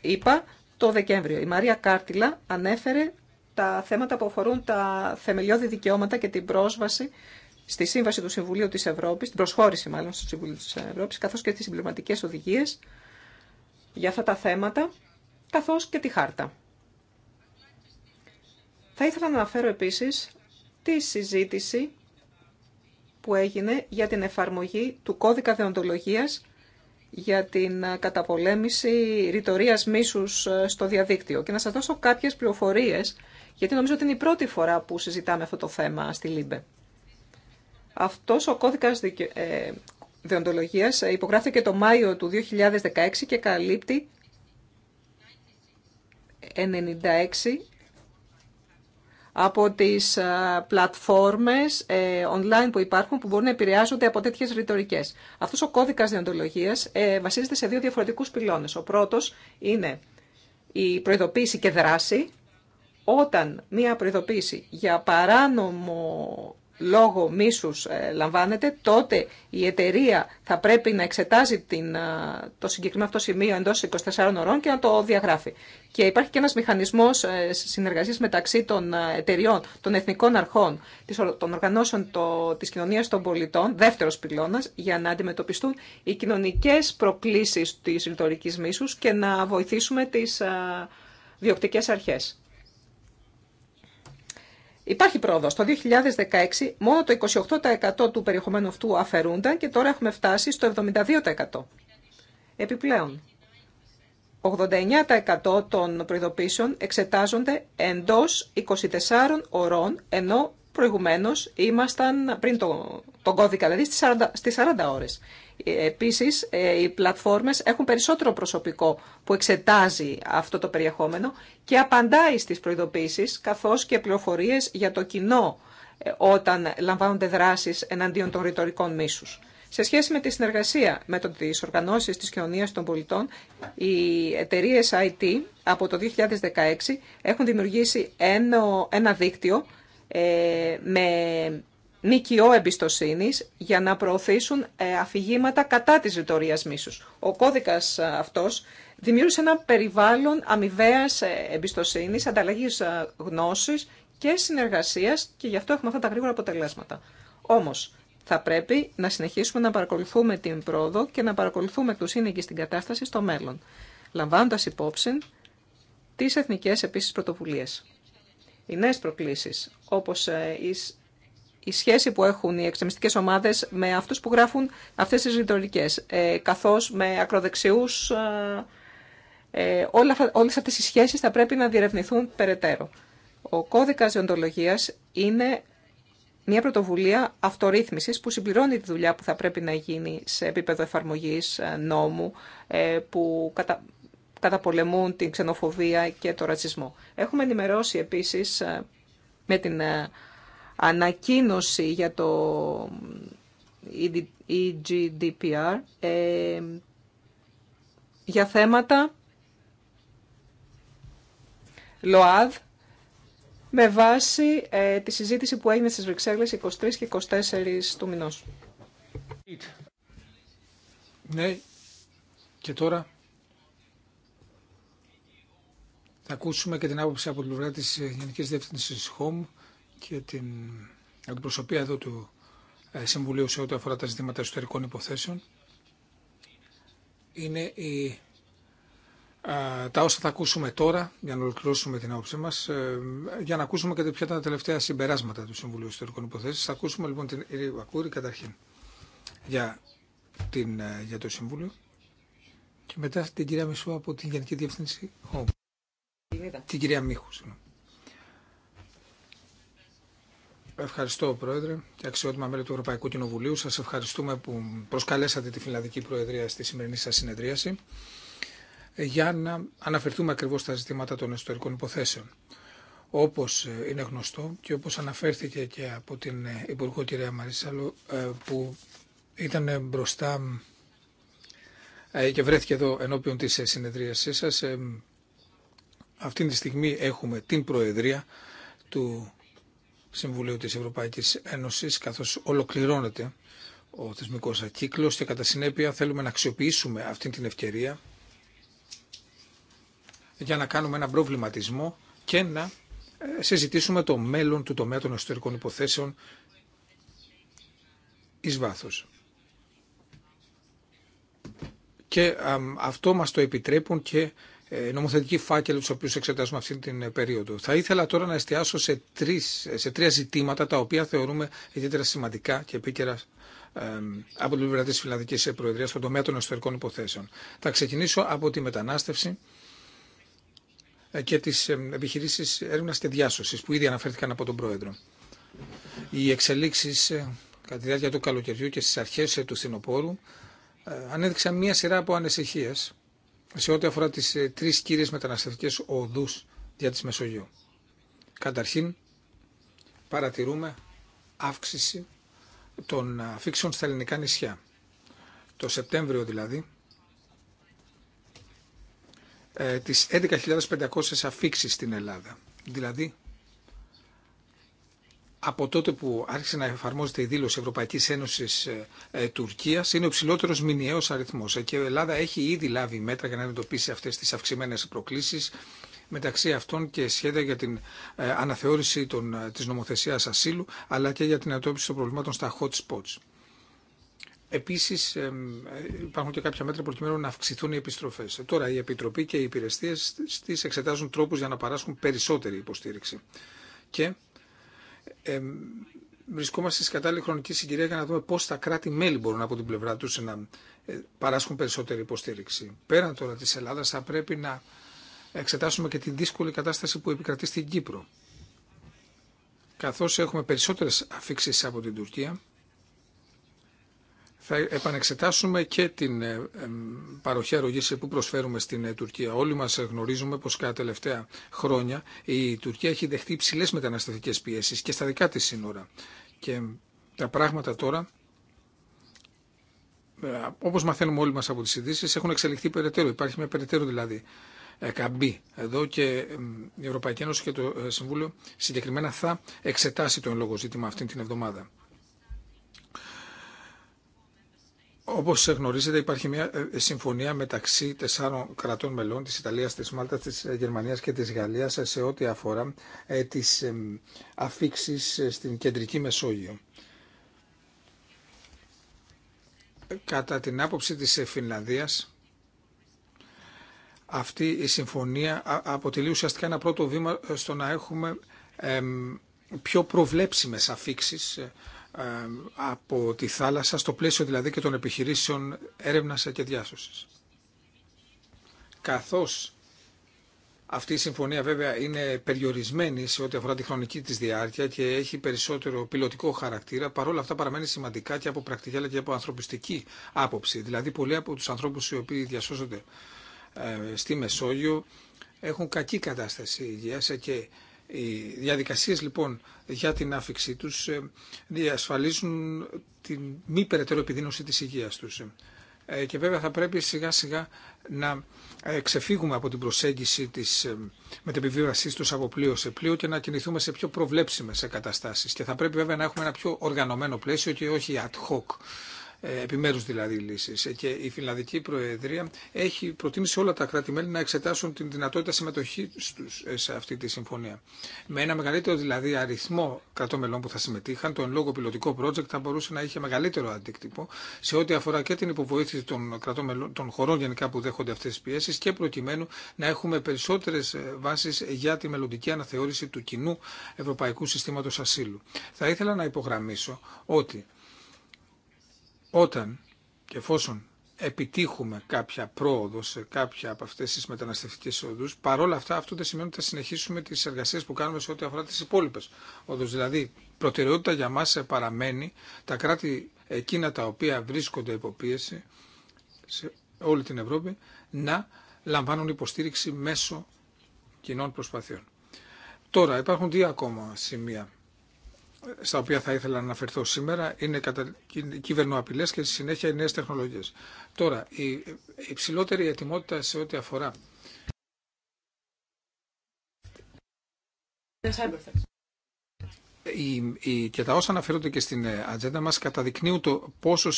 Speaker 3: είπα, το Δεκέμβριο. Η Μαρία Κάρτιλα ανέφερε τα θέματα που αφορούν τα θεμελιώδη δικαιώματα και την πρόσβαση στη Σύμβαση του Συμβουλίου της Ευρώπης, την προσχώρηση μάλλον στο Συμβουλίο της Ευρώπης, καθώς και τις συμπληρωματικές οδηγίες για αυτά τα θέματα, καθώς και τη χάρτα. Θα ήθελα να αναφέρω επίσης τη συζήτηση που έγινε για την εφαρμογή του κώδικα δεοντολογίας για την καταπολέμηση ρητορίας μίσους ε, στο διαδίκτυο. Και να σας δώσω κάποιες πληροφορίες, γιατί νομίζω ότι είναι η πρώτη φορά που συζητάμε αυτό το θέμα στη ΛΥΜΠΕ. Αυτός ο κώδικας δικαι... ε, δεοντολογίας ε, υπογράφηκε το Μάιο του 2016 και καλύπτει 96 από τις ε, πλατφόρμες ε, online που υπάρχουν που μπορούν να επηρεάζονται από τέτοιες ρητορικές. Αυτός ο κώδικας διοντολογίας βασίζεται σε δύο διαφορετικούς πυλώνες. Ο πρώτος είναι η προειδοποίηση και δράση. Όταν μία προειδοποίηση για παράνομο λόγω μίσους ε, λαμβάνεται, τότε η εταιρεία θα πρέπει να εξετάζει ε, το συγκεκριμένο αυτό σημείο εντός 24 ωρών και να το διαγράφει. Και υπάρχει και ένας μηχανισμός ε, συνεργασίας μεταξύ των εταιριών, των εθνικών αρχών, των οργανώσεων το, της κοινωνίας των πολιτών, δεύτερος πυλώνας, για να αντιμετωπιστούν οι κοινωνικές προκλήσεις της ρητορικής μίσους και να βοηθήσουμε τις διοκτικές αρχές. Υπάρχει πρόοδο. Το 2016 μόνο το 28% του περιεχομένου αυτού αφαιρούνταν και τώρα έχουμε φτάσει στο 72%. Επιπλέον, 89% των προειδοποίησεων εξετάζονται εντός 24 ωρών, ενώ προηγουμένως ήμασταν πριν τον κώδικα, δηλαδή στις 40, στις 40 ώρες. Επίσης, ε, οι πλατφόρμες έχουν περισσότερο προσωπικό που εξετάζει αυτό το περιεχόμενο και απαντάει στις προειδοποίησεις, καθώς και πληροφορίες για το κοινό ε, όταν λαμβάνονται δράσεις εναντίον των ρητορικών μίσους. Σε σχέση με τη συνεργασία με τις οργανώσεις της κοινωνίας των πολιτών, οι εταιρείε IT από το 2016 έχουν δημιουργήσει ένα δίκτυο ε, με νοικιό εμπιστοσύνη για να προωθήσουν ε, αφηγήματα κατά τη ρητορία μίσου. Ο κώδικα ε, αυτό δημιούργησε ένα περιβάλλον αμοιβαία ε, εμπιστοσύνη, ανταλλαγή γνώση και συνεργασία και γι' αυτό έχουμε αυτά τα γρήγορα αποτελέσματα. Όμω, θα πρέπει να συνεχίσουμε να παρακολουθούμε την πρόοδο και να παρακολουθούμε του σύνεγγυ στην κατάσταση στο μέλλον, λαμβάνοντα υπόψη τι εθνικέ επίση πρωτοβουλίε. Οι νέε προκλήσει, όπω η σχέση που έχουν οι εξεμιστικές ομάδες με αυτούς που γράφουν αυτές τις ρητορικέ. Ε, καθώς με ακροδεξιούς, ε, ε όλες αυτές οι σχέσεις θα πρέπει να διερευνηθούν περαιτέρω. Ο κώδικας διοντολογίας είναι μια πρωτοβουλία αυτορύθμισης που συμπληρώνει τη δουλειά που θα πρέπει να γίνει σε επίπεδο εφαρμογής ε, νόμου που καταπολεμούν την ξενοφοβία και το ρατσισμό. Έχουμε ενημερώσει επίσης με την ανακοίνωση για το EGDPR ε, για θέματα ΛΟΑΔ με βάση ε, τη συζήτηση που έγινε στις Βρυξέλλες 23 και 24 του μηνός.
Speaker 2: Ναι, και τώρα θα ακούσουμε και την άποψη από την πλευρά της Γενικής Διεύθυνσης HOME και την αντιπροσωπεία εδώ του ε, Συμβουλίου σε ό,τι αφορά τα ζητήματα εσωτερικών υποθέσεων είναι η, ε, τα όσα θα ακούσουμε τώρα για να ολοκληρώσουμε την άποψή μας ε, για να ακούσουμε και ποια ήταν τα τελευταία συμπεράσματα του Συμβουλίου Εσωτερικών Υποθέσεων. Θα ακούσουμε λοιπόν την Ειρή Βακούρη καταρχήν για, την, για το Συμβούλιο και μετά την κυρία Μισού από την Γενική Διεύθυνση Την κυρία Μίχου, συγγνώμη. Ευχαριστώ, Πρόεδρε και αξιότιμα μέλη του Ευρωπαϊκού Κοινοβουλίου. Σας ευχαριστούμε που προσκαλέσατε τη Φιλανδική Προεδρία στη σημερινή σα συνεδρίαση ε, για να αναφερθούμε ακριβώς στα ζητήματα των ιστορικών υποθέσεων. Όπως ε, είναι γνωστό και όπως αναφέρθηκε και από την ε, Υπουργό κυρία Μαρίσαλο που ήταν μπροστά και βρέθηκε εδώ ενώπιον τη συνεδρίασής σα. Αυτή τη στιγμή έχουμε την Προεδρία του Συμβουλίου της Ευρωπαϊκής Ένωσης καθώς ολοκληρώνεται ο θεσμικός κύκλος και κατά συνέπεια θέλουμε να αξιοποιήσουμε αυτή την ευκαιρία για να κάνουμε ένα προβληματισμό και να ε, συζητήσουμε το μέλλον του τομέα των εσωτερικών υποθέσεων εις βάθος. Και αυτό μας το επιτρέπουν και ε, νομοθετικοί φάκελοι του οποίου εξετάζουμε αυτή την ε, περίοδο. Θα ήθελα τώρα να εστιάσω σε, τρεις, σε τρία ζητήματα τα οποία θεωρούμε ιδιαίτερα σημαντικά και επίκαιρα από την πλευρά τη Φιλανδική ε, Προεδρία στον τομέα των εσωτερικών υποθέσεων. Θα ξεκινήσω από τη μετανάστευση και τι επιχειρήσει έρευνα και διάσωση που ήδη αναφέρθηκαν από τον Πρόεδρο. Οι εξελίξει κατά τη διάρκεια του καλοκαιριού και στι αρχέ του φθινοπόρου ανέδειξαν μία σειρά από ανησυχίε σε ό,τι αφορά τις ε, τρεις κύριες μεταναστευτικές οδούς για τις Μεσογείου. Καταρχήν παρατηρούμε αύξηση των ε, αφήξεων στα ελληνικά νησιά. Το Σεπτέμβριο δηλαδή ε, τις 11.500 αφήξεις στην Ελλάδα. Δηλαδή από τότε που άρχισε να εφαρμόζεται η δήλωση Ευρωπαϊκής Ένωσης ε, ε, Τουρκία είναι ο ψηλότερος μηνιαίος αριθμός ε, και η Ελλάδα έχει ήδη λάβει μέτρα για να αντιμετωπίσει αυτέ τι αυξημένε προκλήσει μεταξύ αυτών και σχέδια για την αναθεώρηση των, της νομοθεσίας ασύλου αλλά και για την αντιμετώπιση των προβλημάτων στα hot spots. Επίση, υπάρχουν και κάποια μέτρα προκειμένου να αυξηθούν οι επιστροφέ. Τώρα, η Επιτροπή και οι υπηρεσίε τη εξετάζουν τρόπου για να παράσχουν περισσότερη υποστήριξη. Και βρισκόμαστε σε κατάλληλη χρονική συγκυρία για να δούμε πώ τα κράτη-μέλη μπορούν από την πλευρά του να ε, παράσχουν περισσότερη υποστήριξη. Πέραν τώρα τη Ελλάδα, θα πρέπει να εξετάσουμε και τη δύσκολη κατάσταση που επικρατεί στην Κύπρο. καθώς έχουμε περισσότερες αφήξει από την Τουρκία θα επανεξετάσουμε και την ε, παροχή αρρωγή που προσφέρουμε στην ε, Τουρκία. Όλοι μας ε, γνωρίζουμε πως κατά τελευταία χρόνια η Τουρκία έχει δεχτεί υψηλέ μεταναστευτικέ πιέσεις και στα δικά τη σύνορα. Και τα πράγματα τώρα, όπως μαθαίνουμε όλοι μας από τις ειδήσει, έχουν εξελιχθεί περαιτέρω. Υπάρχει μια περαιτέρω δηλαδή καμπή εδώ και η Ευρωπαϊκή Ένωση και το Συμβούλιο συγκεκριμένα θα εξετάσει εν λόγω ζήτημα αυτή την εβδομάδα. Όπως γνωρίζετε υπάρχει μια ε, συμφωνία μεταξύ τεσσάρων κρατών μελών της Ιταλίας, της Μάλτας, της ε, Γερμανίας και της Γαλλίας ε, σε ό,τι αφορά τις αφήξει στην κεντρική Μεσόγειο. Κατά την άποψη της Φινλανδίας αυτή η συμφωνία αποτελεί ουσιαστικά ένα πρώτο βήμα στο να έχουμε πιο προβλέψιμες αφήξεις από τη θάλασσα, στο πλαίσιο δηλαδή και των επιχειρήσεων έρευνας και διάσωσης. Καθώς αυτή η συμφωνία βέβαια είναι περιορισμένη σε ό,τι αφορά τη χρονική της διάρκεια και έχει περισσότερο πιλωτικό χαρακτήρα, παρόλα αυτά παραμένει σημαντικά και από πρακτική αλλά και από ανθρωπιστική άποψη. Δηλαδή πολλοί από τους ανθρώπους οι οποίοι διασώζονται ε, στη Μεσόγειο έχουν κακή κατάσταση υγείας και οι διαδικασίες λοιπόν για την άφηξή τους ε, διασφαλίζουν τη μη περαιτέρω επιδείνωση της υγείας τους. Ε, και βέβαια θα πρέπει σιγά σιγά να ε, ξεφύγουμε από την προσέγγιση της μετεπιβίβασής τους από πλοίο σε πλοίο και να κινηθούμε σε πιο προβλέψιμες εγκαταστάσεις. Και θα πρέπει βέβαια να έχουμε ένα πιο οργανωμένο πλαίσιο και όχι ad hoc ε, επιμέρους δηλαδή λύσεις. Ε, και η Φιλανδική Προεδρία έχει προτίμησει όλα τα κράτη-μέλη να εξετάσουν την δυνατότητα συμμετοχή τους ε, σε αυτή τη συμφωνία. Με ένα μεγαλύτερο δηλαδή αριθμό κρατών που θα συμμετείχαν, το εν λόγω πιλωτικό project θα μπορούσε να είχε μεγαλύτερο αντίκτυπο σε ό,τι αφορά και την υποβοήθηση των, των χωρών γενικά που δέχονται αυτές τις πιέσεις και προκειμένου να έχουμε περισσότερες βάσεις για τη μελλοντική αναθεώρηση του κοινού Ευρωπαϊκού Συστήματος Ασύλου. Θα ήθελα να υπογραμμίσω ότι όταν και εφόσον επιτύχουμε κάποια πρόοδο σε κάποια από αυτέ τι μεταναστευτικέ οδού, παρόλα αυτά αυτό δεν σημαίνει ότι θα συνεχίσουμε τι εργασίε που κάνουμε σε ό,τι αφορά τι υπόλοιπε οδού. Δηλαδή, προτεραιότητα για μα παραμένει τα κράτη εκείνα τα οποία βρίσκονται υπό σε όλη την Ευρώπη να λαμβάνουν υποστήριξη μέσω κοινών προσπαθειών. Τώρα, υπάρχουν δύο ακόμα σημεία στα οποία θα ήθελα να αναφερθώ σήμερα είναι κατα... κυβερνοαπειλές και στη συνέχεια οι νέες τεχνολογίες. Τώρα, η υψηλότερη ετοιμότητα σε ό,τι αφορά... Η, και τα όσα αναφέρονται και στην ε, ατζέντα μας καταδεικνύουν το πόσο,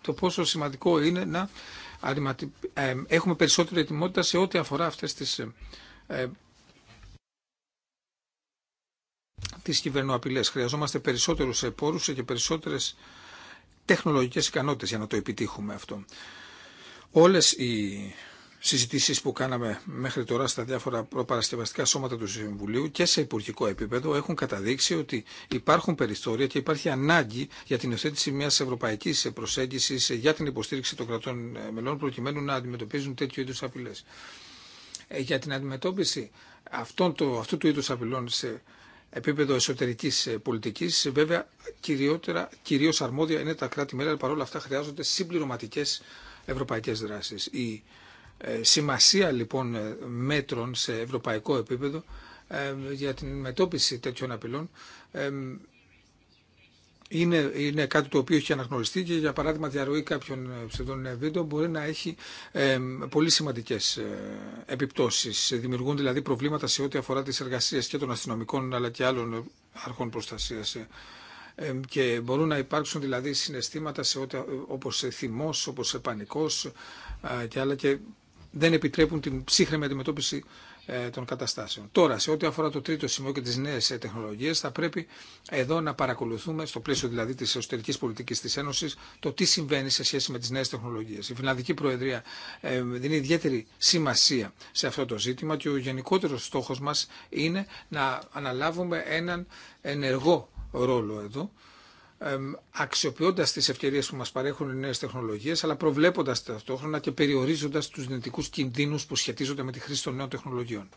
Speaker 2: το πόσο σημαντικό είναι να ε, έχουμε περισσότερη ετοιμότητα σε ό,τι αφορά αυτές τις ε, τις κυβερνοαπειλέ. Χρειαζόμαστε περισσότερου πόρου και περισσότερε τεχνολογικέ ικανότητε για να το επιτύχουμε αυτό. Όλε οι συζητήσει που κάναμε μέχρι τώρα στα διάφορα προπαρασκευαστικά σώματα του Συμβουλίου και σε υπουργικό επίπεδο έχουν καταδείξει ότι υπάρχουν περιθώρια και υπάρχει ανάγκη για την υιοθέτηση μια ευρωπαϊκή προσέγγιση για την υποστήριξη των κρατών μελών προκειμένου να αντιμετωπίζουν τέτοιου είδου απειλέ. Ε, για την αντιμετώπιση αυτού του είδου απειλών σε επίπεδο εσωτερική ε, πολιτική. Βέβαια, κυρίω αρμόδια είναι τα κράτη-μέλη, αλλά παρόλα αυτά χρειάζονται συμπληρωματικέ ευρωπαϊκέ δράσει. Η ε, σημασία λοιπόν ε, μέτρων σε ευρωπαϊκό επίπεδο για την μετώπιση τέτοιων απειλών είναι, είναι κάτι το οποίο έχει αναγνωριστεί και για παράδειγμα διαρροή κάποιων ε, ψευδών ε, βίντεο μπορεί να έχει ε, πολύ σημαντικές ε, επιπτώσεις. Δημιουργούν δηλαδή προβλήματα σε ό,τι αφορά τις εργασίες και των αστυνομικών αλλά και άλλων αρχών προστασίας και μπορούν να υπάρξουν δηλαδή συναισθήματα σε ό,τι, όπως θυμός, όπως πανικός και άλλα και δεν επιτρέπουν την ψύχρεμη αντιμετώπιση ε, των καταστάσεων. Τώρα, σε ό,τι αφορά το τρίτο σημείο και τι νέε τεχνολογίε, θα πρέπει εδώ να παρακολουθούμε, στο πλαίσιο δηλαδή τη εσωτερική πολιτική τη Ένωση, το τι συμβαίνει σε σχέση με τι νέε τεχνολογίε. Η Φιλανδική Προεδρία ε, δίνει ιδιαίτερη σημασία σε αυτό το ζήτημα και ο γενικότερο στόχο μα είναι να αναλάβουμε έναν ενεργό ρόλο εδώ αξιοποιώντας τις ευκαιρίες που μας παρέχουν οι νέες τεχνολογίες, αλλά προβλέποντας ταυτόχρονα και περιορίζοντας τους δυνητικούς κινδύνους που σχετίζονται με τη χρήση των νέων τεχνολογιών.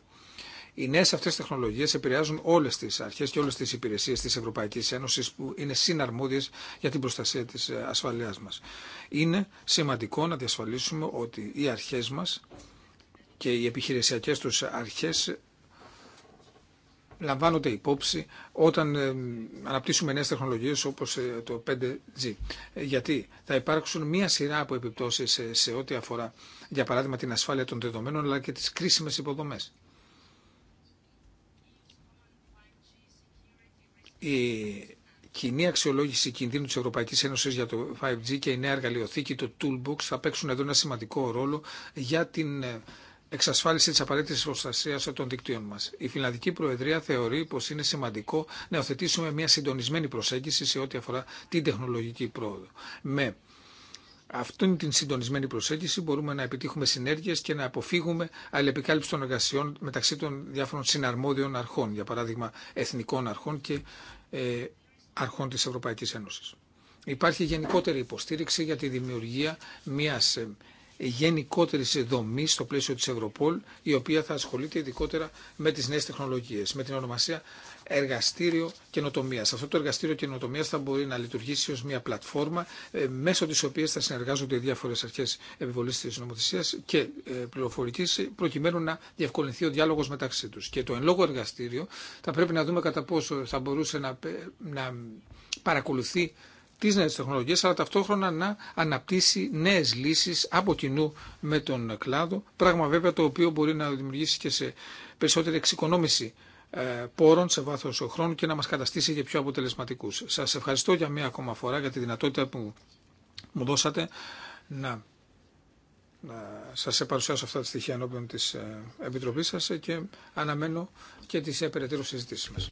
Speaker 2: Οι νέε αυτέ τεχνολογίε επηρεάζουν όλε τι αρχέ και όλε τι υπηρεσίε τη Ευρωπαϊκή Ένωση που είναι συναρμόδιε για την προστασία τη ε, ασφαλεία μα. Είναι σημαντικό να διασφαλίσουμε ότι οι αρχέ μα και οι επιχειρησιακέ του αρχέ λαμβάνονται υπόψη όταν ε, αναπτύσσουμε νέες τεχνολογίες όπως ε, το 5G. Ε, γιατί θα υπάρξουν μία σειρά από επιπτώσεις σε ό,τι αφορά, για παράδειγμα, την ασφάλεια των δεδομένων αλλά και τις κρίσιμες υποδομές. Η κοινή αξιολόγηση κινδύνου της Ευρωπαϊκής Ένωσης για το 5G και η νέα εργαλειοθήκη, το Toolbox, θα παίξουν εδώ ένα σημαντικό ρόλο για την εξασφάλιση τη απαραίτητη προστασία των δικτύων μα. Η Φιλανδική Προεδρία θεωρεί πω είναι σημαντικό να οθετήσουμε μια συντονισμένη προσέγγιση σε ό,τι αφορά την τεχνολογική πρόοδο. Με αυτήν την συντονισμένη προσέγγιση μπορούμε να επιτύχουμε συνέργειε και να αποφύγουμε αλληλεπικάλυψη των εργασιών μεταξύ των διάφορων συναρμόδιων αρχών, για παράδειγμα εθνικών αρχών και ε, αρχών τη Ευρωπαϊκή Ένωση. Υπάρχει γενικότερη υποστήριξη για τη δημιουργία μιας ε, γενικότερη δομή στο πλαίσιο τη Ευρωπόλ, η οποία θα ασχολείται ειδικότερα με τι νέε τεχνολογίε, με την ονομασία εργαστήριο καινοτομία. Αυτό το εργαστήριο καινοτομία θα μπορεί να λειτουργήσει ω μια πλατφόρμα ε, μέσω τη οποία θα συνεργάζονται οι διάφορε αρχέ επιβολή τη νομοθεσία και ε, πληροφορική προκειμένου να διευκολυνθεί ο διάλογο μεταξύ του. Και το εν λόγω εργαστήριο θα πρέπει να δούμε κατά πόσο θα μπορούσε να, να παρακολουθεί τις νέες τεχνολογίες, αλλά ταυτόχρονα να αναπτύσσει νέες λύσεις από κοινού με τον κλάδο, πράγμα βέβαια το οποίο μπορεί να δημιουργήσει και σε περισσότερη εξοικονόμηση ε, πόρων σε βάθος χρόνου και να μας καταστήσει και πιο αποτελεσματικούς. Σας ευχαριστώ για μία ακόμα φορά για τη δυνατότητα που μου δώσατε να σας παρουσιάσω αυτά τα στοιχεία ενώπιον της ε, Επιτροπής σας και αναμένω και τις ε, περαιτέρω συζητήσεις μας.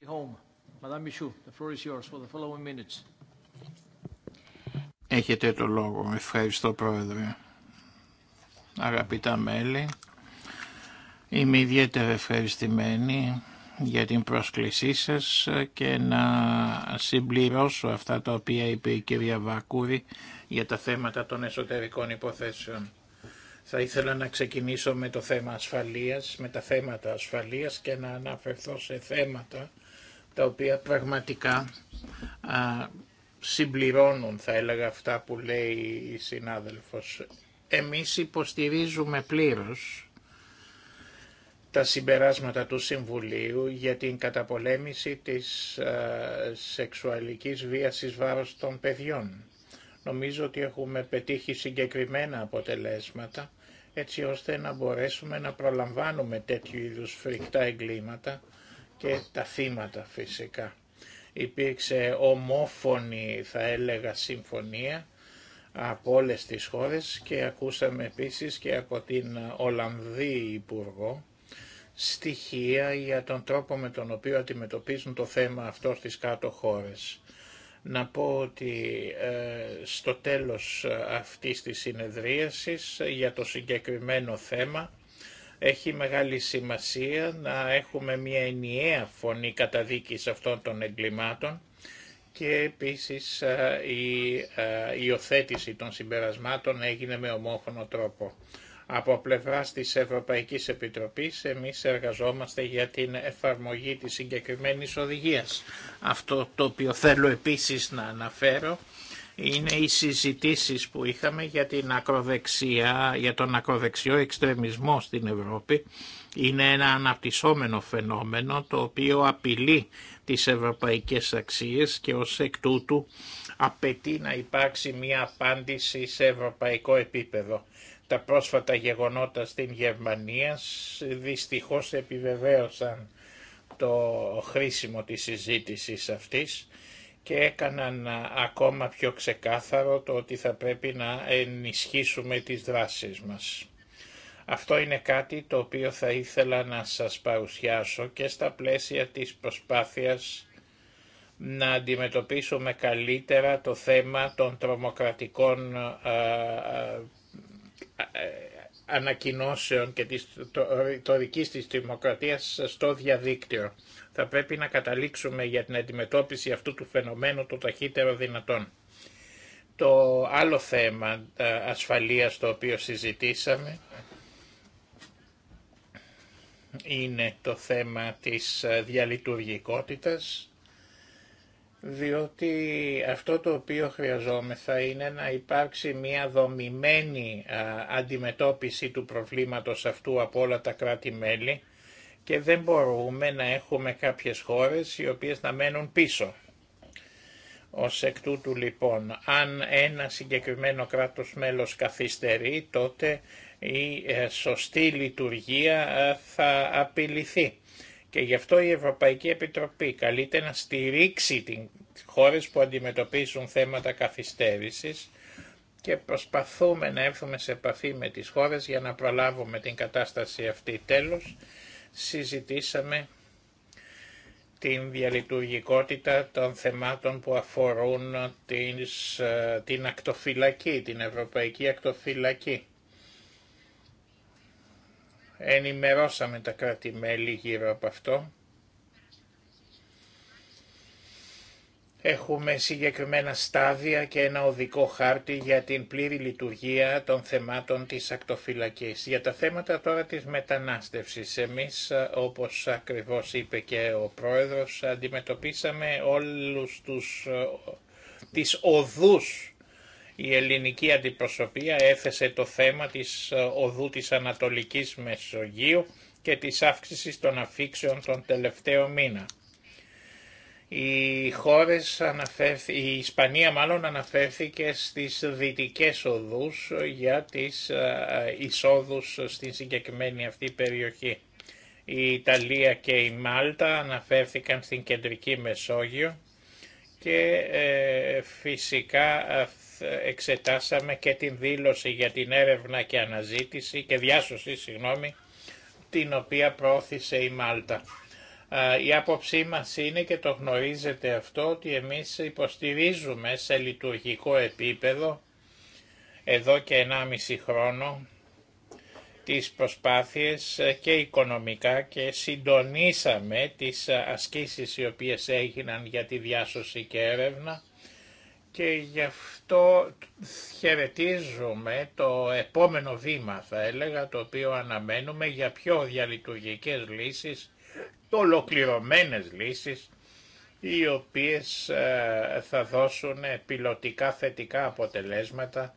Speaker 1: Έχετε το λόγο. Ευχαριστώ Πρόεδρε. Αγαπητά μέλη, είμαι ιδιαίτερα ευχαριστημένη για την πρόσκλησή σας και να συμπληρώσω αυτά τα οποία είπε η κυρία Βακούρη για τα θέματα των εσωτερικών υποθέσεων. Θα ήθελα να ξεκινήσω με το θέμα ασφαλείας, με τα θέματα ασφαλείας και να αναφερθώ σε θέματα τα οποία πραγματικά συμπληρώνουν θα έλεγα αυτά που λέει η συνάδελφος. Εμείς υποστηρίζουμε πλήρως τα συμπεράσματα του Συμβουλίου για την καταπολέμηση της ε, σεξουαλικής βίασης βάρος των παιδιών. Νομίζω ότι έχουμε πετύχει συγκεκριμένα αποτελέσματα έτσι ώστε να μπορέσουμε να προλαμβάνουμε τέτοιου είδους φρικτά εγκλήματα και τα θύματα φυσικά υπήρξε ομόφωνη θα έλεγα συμφωνία από όλες τις χώρες και ακούσαμε επίσης και από την Ολλανδή Υπουργό στοιχεία για τον τρόπο με τον οποίο αντιμετωπίζουν το θέμα αυτό στις κάτω χώρες. Να πω ότι ε, στο τέλος αυτής της συνεδρίασης για το συγκεκριμένο θέμα έχει μεγάλη σημασία να έχουμε μια ενιαία φωνή καταδίκης αυτών των εγκλημάτων και επίσης η υιοθέτηση των συμπερασμάτων έγινε με ομόφωνο τρόπο. Από πλευρά της Ευρωπαϊκής Επιτροπής εμείς εργαζόμαστε για την εφαρμογή της συγκεκριμένης οδηγίας. Αυτό το οποίο θέλω επίσης να αναφέρω είναι οι συζητήσεις που είχαμε για, την ακροδεξιά, για τον ακροδεξιό εξτρεμισμό στην Ευρώπη. Είναι ένα αναπτυσσόμενο φαινόμενο το οποίο απειλεί τις ευρωπαϊκές αξίες και ως εκ τούτου απαιτεί να υπάρξει μια απάντηση σε ευρωπαϊκό επίπεδο. Τα πρόσφατα γεγονότα στην Γερμανία δυστυχώς επιβεβαίωσαν το χρήσιμο της συζήτησης αυτής και έκαναν ακόμα πιο ξεκάθαρο το ότι θα πρέπει να ενισχύσουμε τις δράσεις μας. Αυτό είναι κάτι το οποίο θα ήθελα να σας παρουσιάσω και στα πλαίσια της προσπάθειας να αντιμετωπίσουμε καλύτερα το θέμα των τρομοκρατικών ε, ε, ε, ανακοινώσεων και της δικής της δημοκρατίας στο διαδίκτυο. Θα πρέπει να καταλήξουμε για την αντιμετώπιση αυτού του φαινομένου το ταχύτερο δυνατόν. Το άλλο θέμα ασφαλείας το οποίο συζητήσαμε είναι το θέμα της διαλειτουργικότητας διότι αυτό το οποίο χρειαζόμεθα είναι να υπάρξει μια δομημένη αντιμετώπιση του προβλήματος αυτού από όλα τα κράτη-μέλη και δεν μπορούμε να έχουμε κάποιες χώρες οι οποίες να μένουν πίσω. Ως εκ τούτου λοιπόν, αν ένα συγκεκριμένο κράτος μέλος καθυστερεί, τότε η ε, σωστή λειτουργία ε, θα απειληθεί. Και γι' αυτό η Ευρωπαϊκή Επιτροπή καλείται να στηρίξει τις χώρες που αντιμετωπίζουν θέματα καθυστέρηση και προσπαθούμε να έρθουμε σε επαφή με τις χώρες για να προλάβουμε την κατάσταση αυτή. Τέλος, συζητήσαμε την διαλειτουργικότητα των θεμάτων που αφορούν την, ε, την ακτοφυλακή, την Ευρωπαϊκή Ακτοφυλακή ενημερώσαμε τα κράτη-μέλη γύρω από αυτό. Έχουμε συγκεκριμένα στάδια και ένα οδικό χάρτη για την πλήρη λειτουργία των θεμάτων της ακτοφυλακής. Για τα θέματα τώρα της μετανάστευσης, εμείς ε, όπως ακριβώς είπε και ο Πρόεδρος, αντιμετωπίσαμε όλους τους, ε, τις οδούς η ελληνική αντιπροσωπεία έθεσε το θέμα της ε, οδού της Ανατολικής Μεσογείου και της αύξησης των αφήξεων τον τελευταίο μήνα. Οι χώρες αναφέρθη, η Ισπανία μάλλον αναφέρθηκε στις δυτικές οδούς για τις ε, ε, εισόδους στην συγκεκριμένη αυτή περιοχή. Η Ιταλία και η Μάλτα αναφέρθηκαν στην κεντρική Μεσόγειο και φυσικά εξετάσαμε και την δήλωση για την έρευνα και αναζήτηση και διάσωση, συγγνώμη, την οποία προώθησε η Μάλτα. Η άποψή μας είναι και το γνωρίζετε αυτό ότι εμείς υποστηρίζουμε σε λειτουργικό επίπεδο εδώ και 1,5 χρόνο τις προσπάθειες ε, και οικονομικά και συντονίσαμε τις ε, ασκήσεις οι οποίες έγιναν για τη διάσωση και έρευνα και γι' αυτό χαιρετίζουμε το επόμενο βήμα θα έλεγα το οποίο αναμένουμε για πιο διαλειτουργικές λύσεις, ολοκληρωμένες λύσεις οι οποίες ε, θα δώσουν πιλωτικά θετικά αποτελέσματα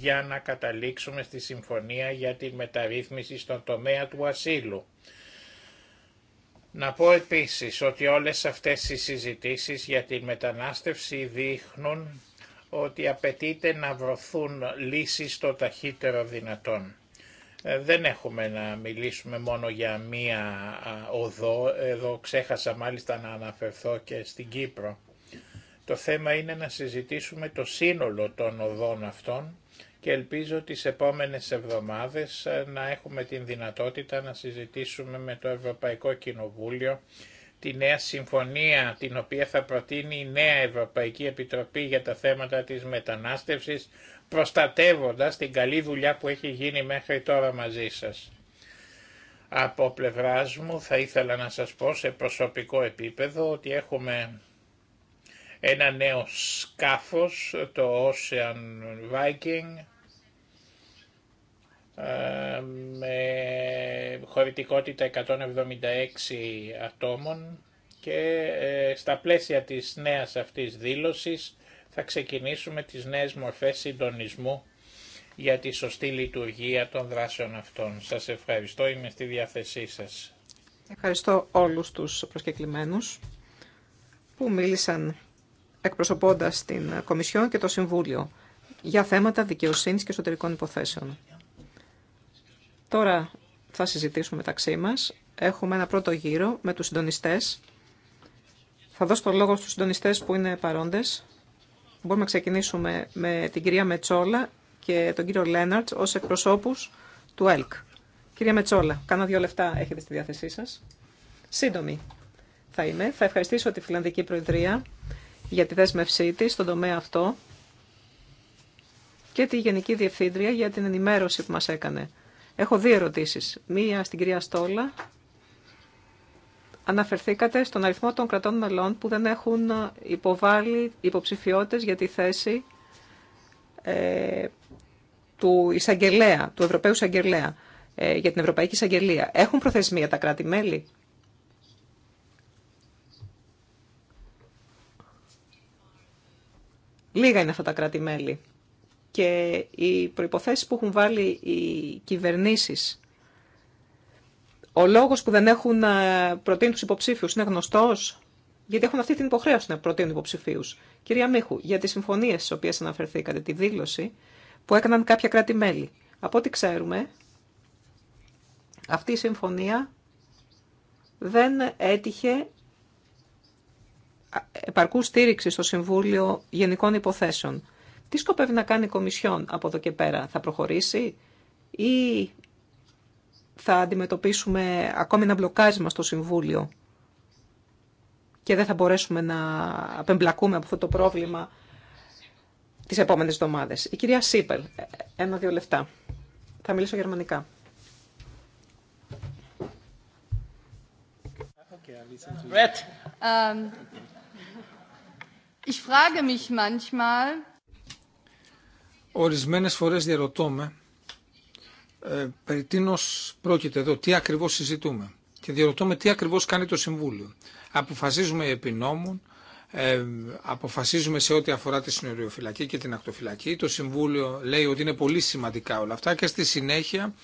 Speaker 1: για να καταλήξουμε στη συμφωνία για τη μεταρρύθμιση στον τομέα του ασύλου. Να πω επίσης ότι όλες αυτές οι συζητήσεις για τη μετανάστευση δείχνουν ότι απαιτείται να βρωθούν λύσεις το ταχύτερο δυνατόν. Ε, δεν έχουμε να μιλήσουμε μόνο για μία οδό, εδώ ξέχασα μάλιστα να αναφερθώ και στην Κύπρο. Το θέμα είναι να συζητήσουμε το σύνολο των οδών αυτών και ελπίζω τις επόμενες εβδομάδες ε, να έχουμε την δυνατότητα να συζητήσουμε με το Ευρωπαϊκό Κοινοβούλιο τη νέα συμφωνία την οποία θα προτείνει η νέα Ευρωπαϊκή Επιτροπή για τα θέματα της μετανάστευσης προστατεύοντας την καλή δουλειά που έχει γίνει μέχρι τώρα μαζί σας. Από πλευράς μου θα ήθελα να σας πω σε προσωπικό επίπεδο ότι έχουμε ένα νέο σκάφος, το Ocean Viking, ε, με χωρητικότητα 176 ατόμων και ε, στα πλαίσια της νέας αυτής δήλωσης θα ξεκινήσουμε τις νέες μορφές συντονισμού για τη σωστή λειτουργία των δράσεων αυτών. Σας ευχαριστώ, είμαι στη διάθεσή σας.
Speaker 3: Ευχαριστώ όλους τους προσκεκλημένους που μίλησαν εκπροσωπώντας την Κομισιόν και το Συμβούλιο για θέματα δικαιοσύνης και εσωτερικών υποθέσεων. Τώρα θα συζητήσουμε μεταξύ μας. Έχουμε ένα πρώτο γύρο με τους συντονιστές. Θα δώσω το λόγο στους συντονιστές που είναι παρόντες. Μπορούμε να ξεκινήσουμε με την κυρία Μετσόλα και τον κύριο Λέναρτ ως εκπροσώπους του ΕΛΚ. Κυρία Μετσόλα, κάνα δύο λεφτά έχετε στη διάθεσή σας. Σύντομη θα είμαι. Θα ευχαριστήσω τη Φιλανδική Προεδρία για τη δέσμευσή της στον τομέα αυτό και τη Γενική Διευθύντρια για την ενημέρωση που μας έκανε Έχω δύο ερωτήσεις. Μία στην κυρία Στόλα. Αναφερθήκατε στον αριθμό των κρατών μελών που δεν έχουν ε, υποβάλει υποψηφιότητες για τη θέση ε, του εισαγγελέα, του Ευρωπαίου εισαγγελέα, ε, για την Ευρωπαϊκή Εισαγγελία. Έχουν προθεσμία τα κράτη-μέλη. Λίγα είναι αυτά τα κράτη-μέλη και οι προϋποθέσεις που έχουν βάλει οι κυβερνήσεις. Ο λόγος που δεν έχουν ε, προτείνει τους υποψήφιους είναι γνωστός, γιατί έχουν αυτή την υποχρέωση να προτείνουν υποψηφίους. Κυρία Μίχου, για τις συμφωνίες στις οποίες αναφερθήκατε, τη δήλωση που έκαναν κάποια κράτη-μέλη. Από ό,τι ξέρουμε, αυτή η συμφωνία δεν έτυχε επαρκού στήριξη στο Συμβούλιο Γενικών Υποθέσεων. Τι σκοπεύει να κάνει η Κομισιόν από εδώ και πέρα, θα προχωρήσει ή θα αντιμετωπίσουμε ακόμη ένα μπλοκάρισμα στο Συμβούλιο και δεν θα μπορέσουμε να απεμπλακούμε από αυτό το πρόβλημα τις επόμενες εβδομάδες. Η κυρία Σίπελ, ένα-δύο λεπτά. Θα μιλήσω γερμανικά.
Speaker 1: Okay,
Speaker 2: Ορισμένες φορές διαρωτώμε ε, περί τίνος πρόκειται εδώ, τι ακριβώς συζητούμε. Και διαρωτώμε τι ακριβώς κάνει το Συμβούλιο. Αποφασίζουμε επί νόμων, ε, αποφασίζουμε σε ό,τι αφορά τη συνοριοφυλακή και την ακτοφυλακή. Το Συμβούλιο λέει ότι είναι πολύ σημαντικά όλα αυτά και στη συνέχεια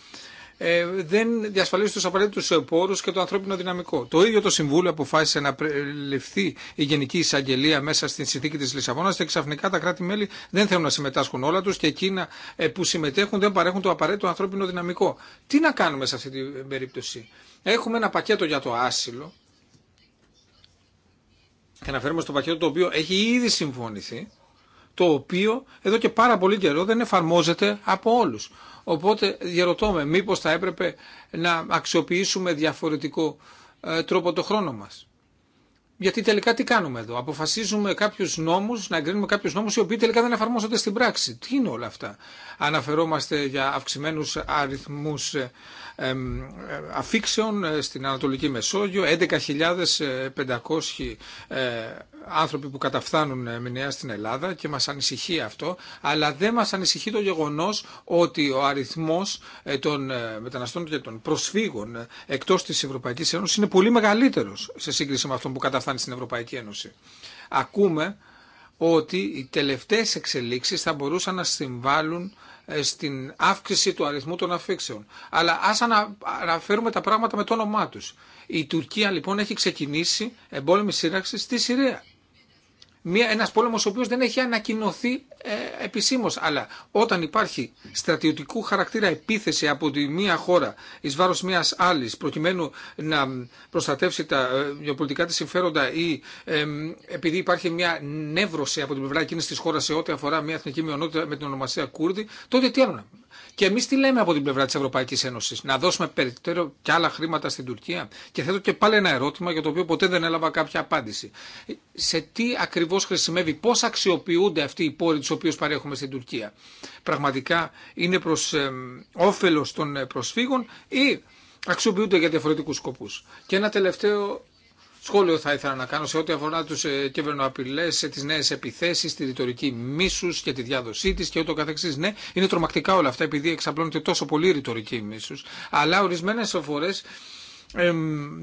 Speaker 2: ε, δεν διασφαλίζει του απαραίτητου πόρου και το ανθρώπινο δυναμικό. Το ίδιο το Συμβούλιο αποφάσισε να ληφθεί η Γενική Εισαγγελία μέσα στην συνθήκη τη Λισαβόνα και ξαφνικά τα κράτη-μέλη δεν θέλουν να συμμετάσχουν όλα του και εκείνα ε, που συμμετέχουν δεν παρέχουν το απαραίτητο ανθρώπινο δυναμικό. Τι να κάνουμε σε αυτή την περίπτωση. Έχουμε ένα πακέτο για το άσυλο. Και αναφέρουμε στο πακέτο το οποίο έχει ήδη συμφωνηθεί το οποίο εδώ και πάρα πολύ καιρό δεν εφαρμόζεται από όλους. Οπότε διαρωτώμε μήπως θα έπρεπε να αξιοποιήσουμε διαφορετικό ε, τρόπο το χρόνο μας. Γιατί τελικά τι κάνουμε εδώ. Αποφασίζουμε κάποιου νόμου, να εγκρίνουμε κάποιου νόμου οι οποίοι τελικά δεν εφαρμόζονται στην πράξη. Τι είναι όλα αυτά. Αναφερόμαστε για αυξημένου αριθμού ε, αφήξεων ε, στην Ανατολική Μεσόγειο, 11.500 ε, άνθρωποι που καταφθάνουν ε, μηνιαία στην Ελλάδα και μας ανησυχεί αυτό, αλλά δεν μας ανησυχεί το γεγονός ότι ο αριθμός των μεταναστών και των προσφύγων εκτός της Ευρωπαϊκής Ένωσης είναι πολύ μεγαλύτερος σε σύγκριση με αυτόν που καταφθάνει στην Ευρωπαϊκή Ένωση. Ακούμε ότι οι τελευταίες εξελίξεις θα μπορούσαν να συμβάλλουν ε, στην αύξηση του αριθμού των αφήξεων. Αλλά ας αναφέρουμε τα πράγματα με το όνομά τους. Η Τουρκία λοιπόν έχει ξεκινήσει εμπόλεμη σύραξη στη Συρία μια, ένας πόλεμος ο οποίος δεν έχει ανακοινωθεί ε, επισήμως. Αλλά όταν υπάρχει στρατιωτικού χαρακτήρα επίθεση από τη μία χώρα εις βάρος μιας άλλης προκειμένου να προστατεύσει τα ε, γεωπολιτικά της συμφέροντα ή ε, επειδή υπάρχει μια νεύρωση από την πλευρά εκείνης της χώρας ό,τι αφορά μια εθνική μειονότητα με την ονομασία Κούρδη, τότε τι άλλο και εμεί τι λέμε από την πλευρά τη Ευρωπαϊκή Ένωση, να δώσουμε περιττέρω και άλλα χρήματα στην Τουρκία. Και θέτω και πάλι ένα ερώτημα για το οποίο ποτέ δεν έλαβα κάποια απάντηση. Σε τι ακριβώ χρησιμεύει, πώ αξιοποιούνται αυτοί οι πόροι του οποίου παρέχουμε στην Τουρκία. Πραγματικά είναι προ ε, όφελο των προσφύγων ή αξιοποιούνται για διαφορετικού σκοπού. Και ένα τελευταίο σχόλιο θα ήθελα να κάνω σε ό,τι αφορά τους σε ε, τι νέε επιθέσει, τη ρητορική μίσου και τη διάδοσή τη και ούτω καθεξής. Ναι, είναι τρομακτικά όλα αυτά επειδή εξαπλώνεται τόσο πολύ ρητορική μίσου. Αλλά ορισμένε φορέ ε,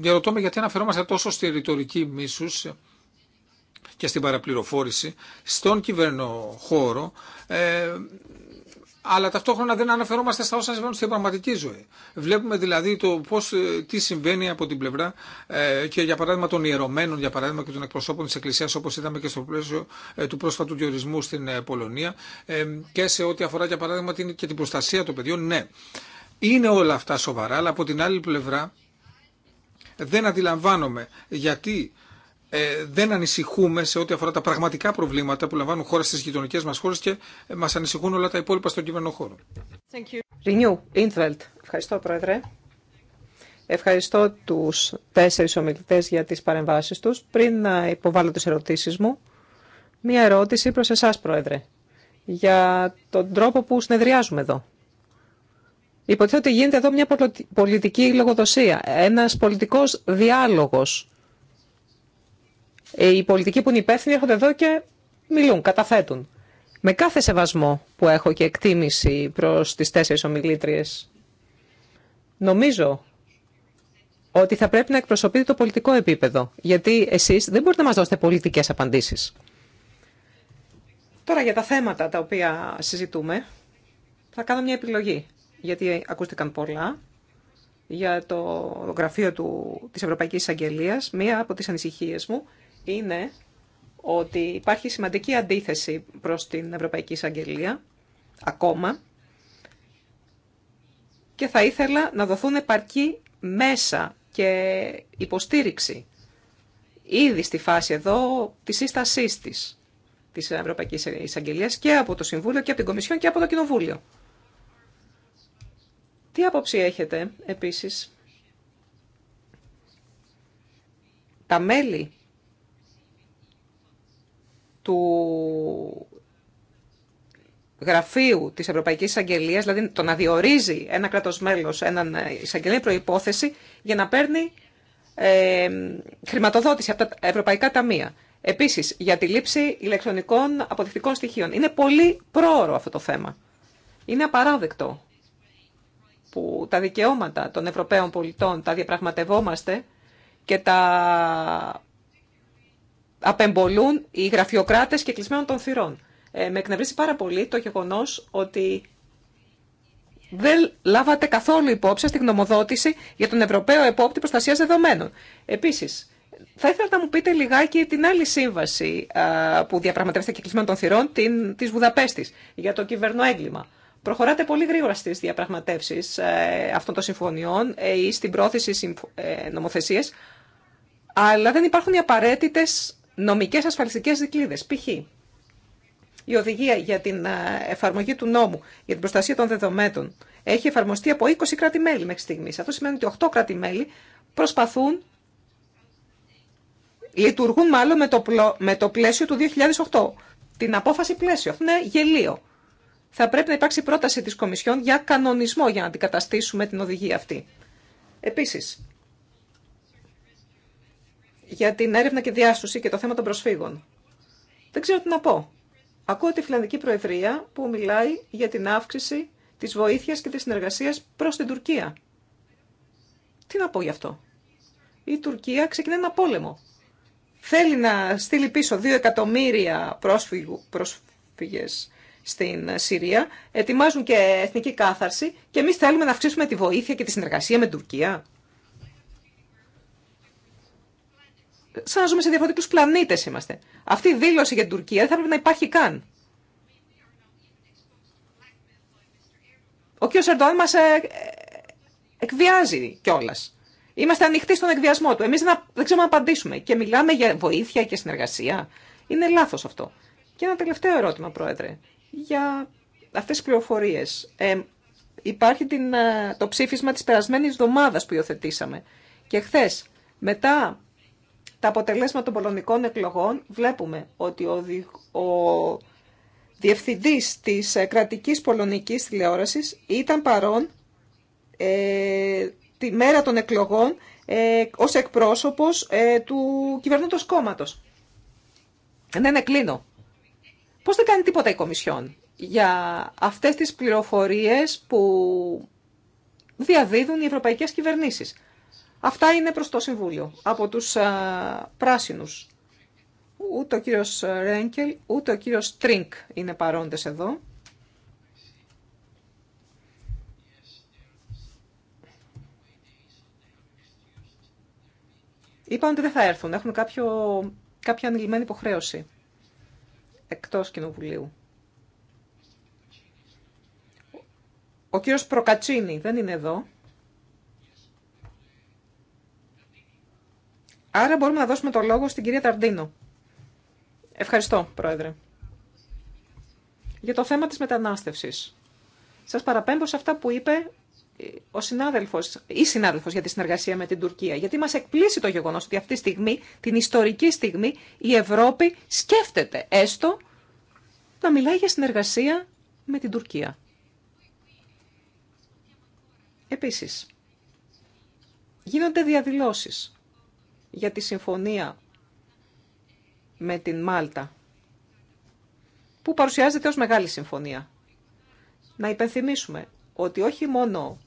Speaker 2: διαρωτώ με γιατί αναφερόμαστε τόσο στη ρητορική μίσου και στην παραπληροφόρηση στον κυβερνοχώρο ε, αλλά ταυτόχρονα δεν αναφερόμαστε στα όσα συμβαίνουν στην πραγματική ζωή. Βλέπουμε δηλαδή το πώς, ε, τι συμβαίνει από την πλευρά ε, και για παράδειγμα των ιερωμένων για παράδειγμα, και των εκπροσώπων τη Εκκλησίας όπως είδαμε και στο πλαίσιο ε, του πρόσφατου διορισμού στην ε, Πολωνία ε, και σε ό,τι αφορά για παράδειγμα την, και την προστασία των παιδιών. Ναι, είναι όλα αυτά σοβαρά αλλά από την άλλη πλευρά δεν αντιλαμβάνομαι γιατί ε, δεν ανησυχούμε σε ό,τι αφορά τα πραγματικά προβλήματα που λαμβάνουν χώρε στι γειτονικέ μα χώρε και μα ανησυχούν όλα τα υπόλοιπα στον κυβερνό χώρο.
Speaker 3: Renew, Intveld. Ευχαριστώ, Πρόεδρε. Ευχαριστώ του τέσσερι ομιλητέ για τι παρεμβάσει του. Πριν να υποβάλω τι ερωτήσει μου, μία ερώτηση προ εσά, Πρόεδρε, για τον τρόπο που συνεδριάζουμε εδώ. Υποτιθέτω ότι γίνεται εδώ μια πολιτική λογοδοσία, ένας πολιτικός διάλογος ε, οι πολιτικοί που είναι υπεύθυνοι έρχονται εδώ και μιλούν, καταθέτουν. Με κάθε σεβασμό που έχω και εκτίμηση προς τις τέσσερις ομιλήτριες, νομίζω ότι θα πρέπει να εκπροσωπείτε το πολιτικό επίπεδο, γιατί εσείς δεν μπορείτε να μας δώσετε πολιτικές απαντήσεις. Τώρα για τα θέματα τα οποία συζητούμε, θα κάνω μια επιλογή, γιατί ακούστηκαν πολλά για το γραφείο του, της Ευρωπαϊκής Αγγελίας, μία από τις ανησυχίες μου είναι ότι υπάρχει σημαντική αντίθεση προς την Ευρωπαϊκή Εισαγγελία, ακόμα, και θα ήθελα να δοθούν επαρκή μέσα και υποστήριξη ήδη στη φάση εδώ τη σύστασή τη της Ευρωπαϊκής εισαγγελία και από το Συμβούλιο και από την Κομισιόν και από το Κοινοβούλιο. Τι άποψη έχετε επίσης. Τα μέλη του γραφείου της Ευρωπαϊκής Εισαγγελίας, δηλαδή το να διορίζει ένα κράτος μέλος, έναν εισαγγελία προϋπόθεση για να παίρνει ε, χρηματοδότηση από τα ευρωπαϊκά ταμεία. Επίσης, για τη λήψη ηλεκτρονικών αποδεικτικών στοιχείων. Είναι πολύ πρόωρο αυτό το θέμα. Είναι απαράδεκτο που τα δικαιώματα των Ευρωπαίων πολιτών τα διαπραγματευόμαστε και τα απεμπολούν οι γραφειοκράτες και κλεισμένων των θυρών. Ε, με εκνευρίζει πάρα πολύ το γεγονό ότι δεν λάβατε καθόλου υπόψη στην γνωμοδότηση για τον Ευρωπαίο Επόπτη Προστασία Δεδομένων. Επίση, θα ήθελα να μου πείτε λιγάκι την άλλη σύμβαση που διαπραγματεύεται και κλεισμένων των θυρών τη Βουδαπέστη για το κυβερνοέγκλημα. Προχωράτε πολύ γρήγορα στι διαπραγματεύσει ε, αυτών των συμφωνιών ε, ή στην πρόθεση νομοθεσίε, αλλά δεν υπάρχουν οι απαραίτητε νομικές ασφαλιστικές δικλείδες. Π.χ. η οδηγία για την ε, εφαρμογή του νόμου για την προστασία των δεδομένων έχει εφαρμοστεί από 20 κράτη-μέλη μέχρι στιγμής. Αυτό σημαίνει ότι 8 κράτη-μέλη προσπαθούν, λειτουργούν μάλλον με το, με το πλαίσιο του 2008. Την απόφαση πλαίσιο. Αυτό είναι γελίο. Θα πρέπει να υπάρξει πρόταση της Κομισιόν για κανονισμό για να αντικαταστήσουμε την οδηγία αυτή. Επίσης, για την έρευνα και διάσωση και το θέμα των προσφύγων. Δεν ξέρω τι να πω. Ακούω τη Φιλανδική Προεδρία που μιλάει για την αύξηση τη βοήθεια και τη συνεργασία προ την Τουρκία. Τι να πω γι' αυτό. Η Τουρκία ξεκινάει ένα πόλεμο. Θέλει να στείλει πίσω 2 εκατομμύρια πρόσφυγες στην Συρία, ετοιμάζουν και εθνική κάθαρση και εμεί θέλουμε να αυξήσουμε τη βοήθεια και τη συνεργασία με την Τουρκία. Σαν να ζούμε σε διαφορετικού πλανήτε είμαστε. Αυτή η δήλωση για την Τουρκία δεν θα πρέπει να υπάρχει καν. Ο κ. Ερντοάν μα ε, ε, εκβιάζει κιόλα. Είμαστε ανοιχτοί στον εκβιασμό του. Εμεί δεν ξέρουμε να απαντήσουμε. Και μιλάμε για βοήθεια και συνεργασία. Είναι λάθο αυτό. Και ένα τελευταίο ερώτημα, Πρόεδρε. Για αυτέ τι πληροφορίε. Ε, υπάρχει την, ε, το ψήφισμα τη περασμένη εβδομάδα που υιοθετήσαμε. Και χθε, μετά τα αποτελέσματα των πολωνικών εκλογών βλέπουμε ότι ο, ο διευθυντής της ε, κρατικής πολωνικής τηλεόρασης ήταν παρόν ε, τη μέρα των εκλογών ε, ως εκπρόσωπος ε, του κυβερνητικού κόμματος. Ναι, ναι, κλείνω. Πώς δεν κάνει τίποτα η Κομισιόν για αυτές τις πληροφορίες που διαδίδουν οι ευρωπαϊκές κυβερνήσεις. Αυτά είναι προς το Συμβούλιο, από τους α, ε, πράσινους. Ούτε ο κύριος Ρένκελ, ούτε ο κύριος Τρίνκ είναι παρόντες εδώ. Είπαν ότι δεν θα έρθουν, έχουν κάποιο, κάποια ανηλυμένη υποχρέωση εκτός Κοινοβουλίου. Ο κύριος Προκατσίνη δεν είναι εδώ. Άρα μπορούμε να δώσουμε το λόγο στην κυρία Ταρντίνο. Ευχαριστώ, Πρόεδρε. Για το θέμα της μετανάστευσης. Σας παραπέμπω σε αυτά που είπε ο συνάδελφος ή συνάδελφος για τη συνεργασία με την Τουρκία. Γιατί μας εκπλήσει το γεγονός ότι αυτή τη στιγμή, την ιστορική στιγμή, η Ευρώπη σκέφτεται έστω να μιλάει για συνεργασία με την Τουρκία. Επίσης, γίνονται διαδηλώσεις για τη συμφωνία με την Μάλτα, που παρουσιάζεται ως μεγάλη συμφωνία. Να υπενθυμίσουμε ότι όχι μόνο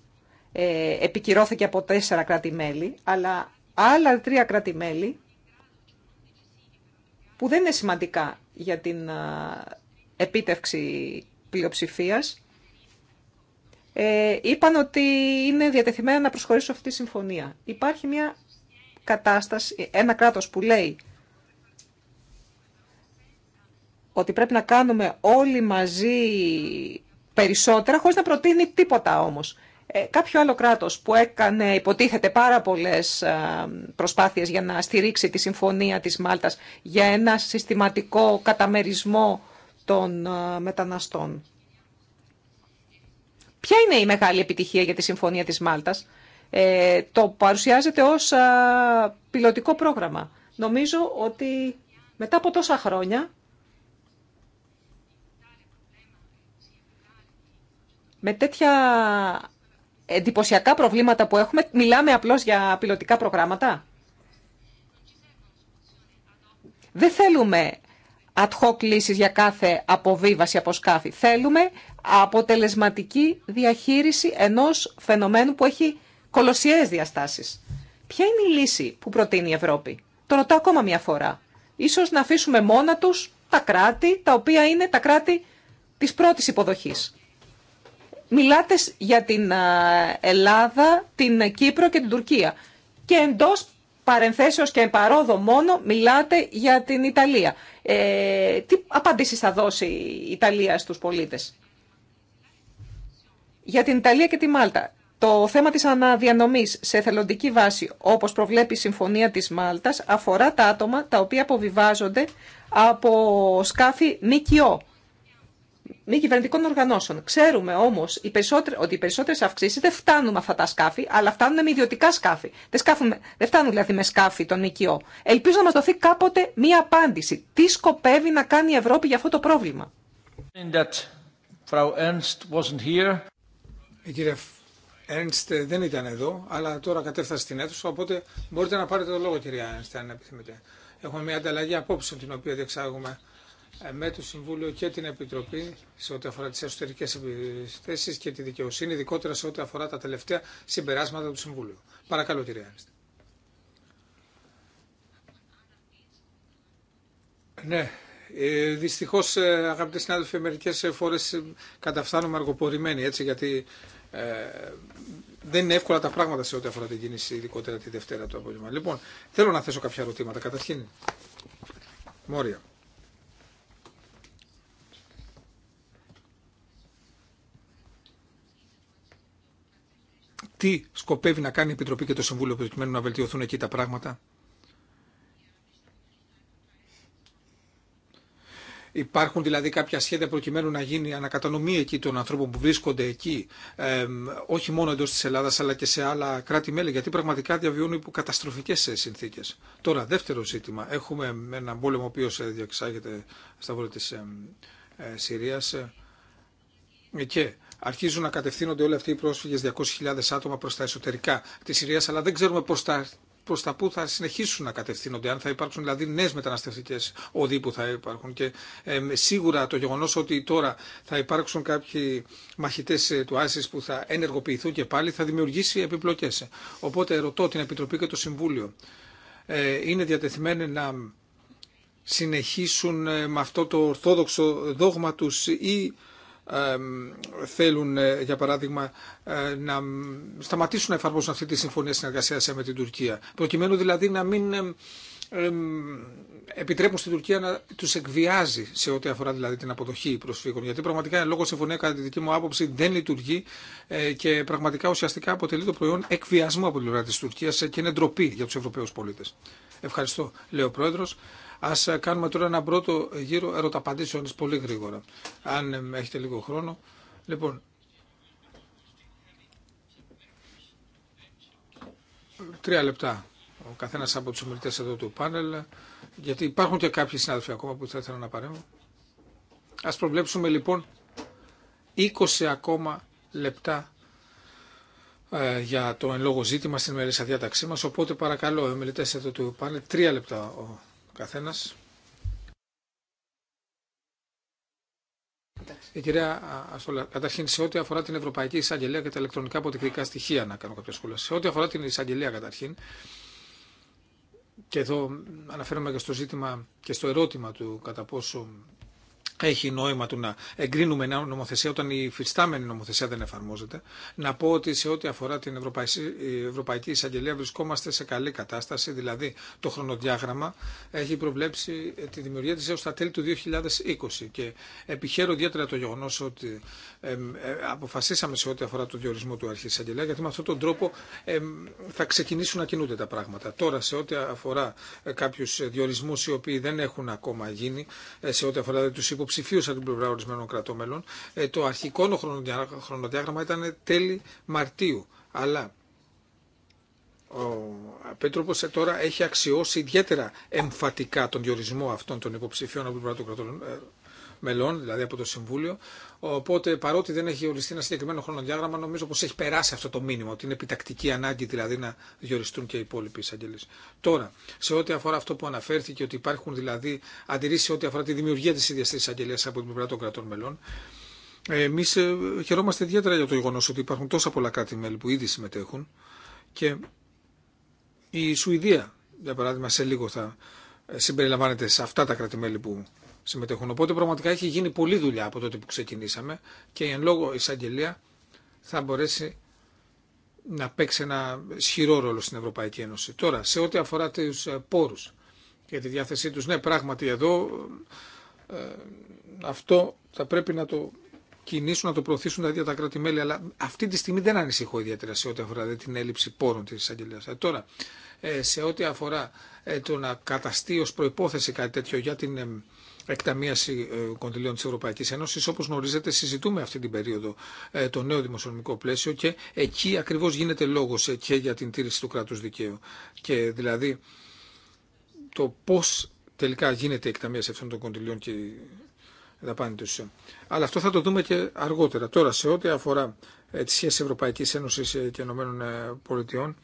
Speaker 3: ε, επικυρώθηκε από τέσσερα κράτη-μέλη, αλλά άλλα τρία κράτη-μέλη που δεν είναι σημαντικά για την ε, επίτευξη πλειοψηφίας, ε, είπαν ότι είναι διατεθειμένα να προσχωρήσουν αυτή τη συμφωνία. Υπάρχει μια κατάσταση, ένα κράτος που λέει ότι πρέπει να κάνουμε όλοι μαζί περισσότερα, χωρίς να προτείνει τίποτα όμως. Ε, κάποιο άλλο κράτος που έκανε, υποτίθεται, πάρα πολλές ε, προσπάθειες για να στηρίξει τη Συμφωνία της Μάλτας για ένα συστηματικό καταμερισμό των ε, μεταναστών. Ποια είναι η μεγάλη επιτυχία για τη Συμφωνία της Μάλτας. Ε, το παρουσιάζεται ως πιλωτικό πρόγραμμα. Νομίζω ότι μετά από τόσα χρόνια με τέτοια εντυπωσιακά προβλήματα που έχουμε, μιλάμε απλώς για πιλωτικά προγράμματα. Δεν θέλουμε ad hoc λύσεις για κάθε αποβίβαση από σκάφη. Θέλουμε αποτελεσματική διαχείριση ενός φαινομένου που έχει κολοσιαίε διαστάσεις. Ποια είναι η λύση που προτείνει η Ευρώπη. Το ρωτάω ακόμα μια φορά. Ίσως να αφήσουμε μόνα τους τα κράτη τα οποία είναι τα κράτη της πρώτης υποδοχής. Μιλάτε για την Ελλάδα, την Κύπρο και την Τουρκία. Και εντός παρενθέσεως και παρόδο μόνο μιλάτε για την Ιταλία. Ε, τι απαντήσεις θα δώσει η Ιταλία στους πολίτες. Για την Ιταλία και τη Μάλτα. Το θέμα της αναδιανομής σε θελοντική βάση, όπως προβλέπει η Συμφωνία της Μάλτας, αφορά τα άτομα τα οποία αποβιβάζονται από σκάφη ΜΚΟ, μη κυβερνητικών οργανώσεων. Ξέρουμε όμω ότι οι περισσότερε αυξήσει δεν φτάνουν με αυτά τα σκάφη, αλλά φτάνουν με ιδιωτικά σκάφη. Δεν, φτάνουν δηλαδή με σκάφη των κοιό. Ελπίζω να μα δοθεί κάποτε μία απάντηση. Τι σκοπεύει να κάνει η Ευρώπη για αυτό το πρόβλημα.
Speaker 2: Ernst ε, δεν ήταν εδώ, αλλά τώρα κατέφθασε στην αίθουσα, οπότε μπορείτε να πάρετε το λόγο, κυρία Ernst, αν επιθυμείτε. Έχουμε μια ανταλλαγή απόψεων την οποία διεξάγουμε ε, με το Συμβούλιο και την Επιτροπή σε ό,τι αφορά τι εσωτερικέ επιθέσει και τη δικαιοσύνη, ειδικότερα σε ό,τι αφορά τα τελευταία συμπεράσματα του Συμβούλου. Παρακαλώ, κυρία Ένστε. Ναι, ε, δυστυχώ αγαπητοί συνάδελφοι, μερικέ φορές καταφθάνουμε αργοπορημένοι έτσι, γιατί ε, δεν είναι εύκολα τα πράγματα σε ό,τι αφορά την κίνηση, ειδικότερα τη Δευτέρα το απόγευμα. Λοιπόν, θέλω να θέσω κάποια ερωτήματα. Καταρχήν, Μόρια. Τι σκοπεύει να κάνει η Επιτροπή και το Συμβούλιο προκειμένου να βελτιωθούν εκεί τα πράγματα Υπάρχουν δηλαδή κάποια σχέδια προκειμένου να γίνει ανακατανομή εκεί των ανθρώπων που βρίσκονται εκεί, ε, όχι μόνο εντό τη Ελλάδα αλλά και σε άλλα κράτη-μέλη, γιατί πραγματικά διαβιώνουν υπό καταστροφικέ ε, συνθήκε. Τώρα, δεύτερο ζήτημα. Έχουμε έναν πόλεμο ο οποίο ε, διεξάγεται στα βόρεια τη ε, Συρία ε, και αρχίζουν να κατευθύνονται όλοι αυτοί οι πρόσφυγε 200.000 άτομα προ τα εσωτερικά τη Συρία, αλλά δεν ξέρουμε πώ τα προ τα που θα συνεχίσουν να κατευθύνονται, αν θα υπάρξουν δηλαδή νέε μεταναστευτικέ οδοί που θα υπάρχουν. Και σίγουρα το γεγονό ότι τώρα θα υπάρξουν κάποιοι μαχητέ ε, του Άσις που θα ενεργοποιηθούν και πάλι θα δημιουργήσει επιπλοκέ. Οπότε ρωτώ την Επιτροπή και το Συμβούλιο. Ε, είναι διατεθειμένοι να συνεχίσουν ε, με αυτό το ορθόδοξο δόγμα τους ή θέλουν, ε, για παράδειγμα, ε, να σταματήσουν να εφαρμόσουν αυτή τη συμφωνία συνεργασία ε, με την Τουρκία. Προκειμένου δηλαδή να μην επιτρέπουν στην Τουρκία να του εκβιάζει σε ό,τι αφορά δηλαδή την αποδοχή προσφύγων. Γιατί πραγματικά η λόγω συμφωνία, κατά τη δική μου άποψη, δεν λειτουργεί και πραγματικά ουσιαστικά αποτελεί το προϊόν εκβιασμού από την πλευρά τη Τουρκία και είναι ντροπή για του Ευρωπαίου πολίτε. Ευχαριστώ, λέει ο Πρόεδρο. Α ε, κάνουμε τώρα ένα πρώτο γύρο ερωταπαντήσεων πολύ γρήγορα, αν ε, έχετε λίγο χρόνο. Λοιπόν, τρία λεπτά ο καθένα από του ομιλητέ εδώ του πάνελ, γιατί υπάρχουν και κάποιοι συνάδελφοι ακόμα που θα ήθελα να παρέμβω. Α προβλέψουμε λοιπόν 20 ακόμα λεπτά ε, για το εν λόγω ζήτημα στην μερίσια διάταξή μας. Οπότε παρακαλώ, ομιλητέ εδώ του πάνελ, τρία λεπτά καθένας. Η ε, κυρία Αστολά, καταρχήν σε ό,τι αφορά την Ευρωπαϊκή Εισαγγελία και τα ηλεκτρονικά αποδεικτικά στοιχεία, να κάνω κάποια σχόλια. Σε ό,τι αφορά την Εισαγγελία, καταρχήν, και εδώ αναφέρομαι και στο ζήτημα και στο ερώτημα του κατά πόσο έχει νόημα του να εγκρίνουμε νέα νομοθεσία όταν η φυστάμενη νομοθεσία δεν εφαρμόζεται. Να πω ότι σε ό,τι αφορά την Ευρωπαϊκή Εισαγγελία βρισκόμαστε σε καλή κατάσταση, δηλαδή το χρονοδιάγραμμα έχει προβλέψει τη δημιουργία της έως τα τέλη του 2020 και επιχαίρω ιδιαίτερα το γεγονό ότι ε, αποφασίσαμε σε ό,τι αφορά το διορισμό του Αρχή Εισαγγελέα γιατί με αυτόν τον τρόπο θα ξεκινήσουν να κινούνται τα πράγματα. Τώρα σε ό,τι αφορά ε, κάποιου ε, διορισμού, οι οποίοι δεν έχουν ακόμα γίνει, σε ό,τι αφορά δηλαδή, τους υποψηφίου από την πλευρά ε, Το αρχικό χρονοδιάγραμμα ήταν τέλη Μαρτίου. Αλλά ο Πέτροπος ε, τώρα έχει αξιώσει ιδιαίτερα εμφατικά τον διορισμό αυτών των υποψηφίων από την πλευρά των κρατών ε, μελών, δηλαδή από το Συμβούλιο. Οπότε παρότι δεν έχει οριστεί ένα συγκεκριμένο χρονοδιάγραμμα, νομίζω πω έχει περάσει αυτό το μήνυμα, ότι είναι επιτακτική ανάγκη δηλαδή να διοριστούν και οι υπόλοιποι εισαγγελεί. Τώρα, σε ό,τι αφορά αυτό που αναφέρθηκε, ότι υπάρχουν δηλαδή αντιρρήσει ό,τι αφορά τη δημιουργία τη ίδια τη εισαγγελία από την πλευρά των κρατών μελών. Εμεί ε, χαιρόμαστε ιδιαίτερα για το γεγονό ότι υπάρχουν τόσα πολλά κράτη-μέλη που ήδη συμμετέχουν και η Σουηδία, για παράδειγμα, σε λίγο θα ε, συμπεριλαμβάνεται σε αυτά τα κρατη που συμμετέχουν. Οπότε πραγματικά έχει γίνει πολλή δουλειά από τότε που ξεκινήσαμε και εν λόγω εισαγγελία θα μπορέσει να παίξει ένα ισχυρό ρόλο στην Ευρωπαϊκή Ένωση. Τώρα, σε ό,τι αφορά του ε, πόρου και τη διάθεσή του, ναι, πράγματι εδώ ε, αυτό θα πρέπει να το κινήσουν, να το προωθήσουν τα ίδια τα κράτη-μέλη, αλλά αυτή τη στιγμή δεν ανησυχώ ιδιαίτερα σε ό,τι αφορά την έλλειψη πόρων της εισαγγελίας. Ε, τώρα, σε ό,τι αφορά το να καταστεί ω προπόθεση κάτι τέτοιο για την εκταμίαση ε, κοντιλιών τη Ευρωπαϊκή Ένωση, όπω γνωρίζετε συζητούμε αυτή την περίοδο ε, το νέο δημοσιονομικό πλαίσιο και εκεί ακριβώ γίνεται λόγο ε, και για την τήρηση του κράτου δικαίου. Και δηλαδή το πώ τελικά γίνεται η εκταμίαση αυτών των κοντιλιών και δαπάνη τους. Αλλά αυτό θα το δούμε και αργότερα. Τώρα σε ό,τι αφορά τη σχέση Ευρωπαϊκή Ένωση και ΗΠΑ,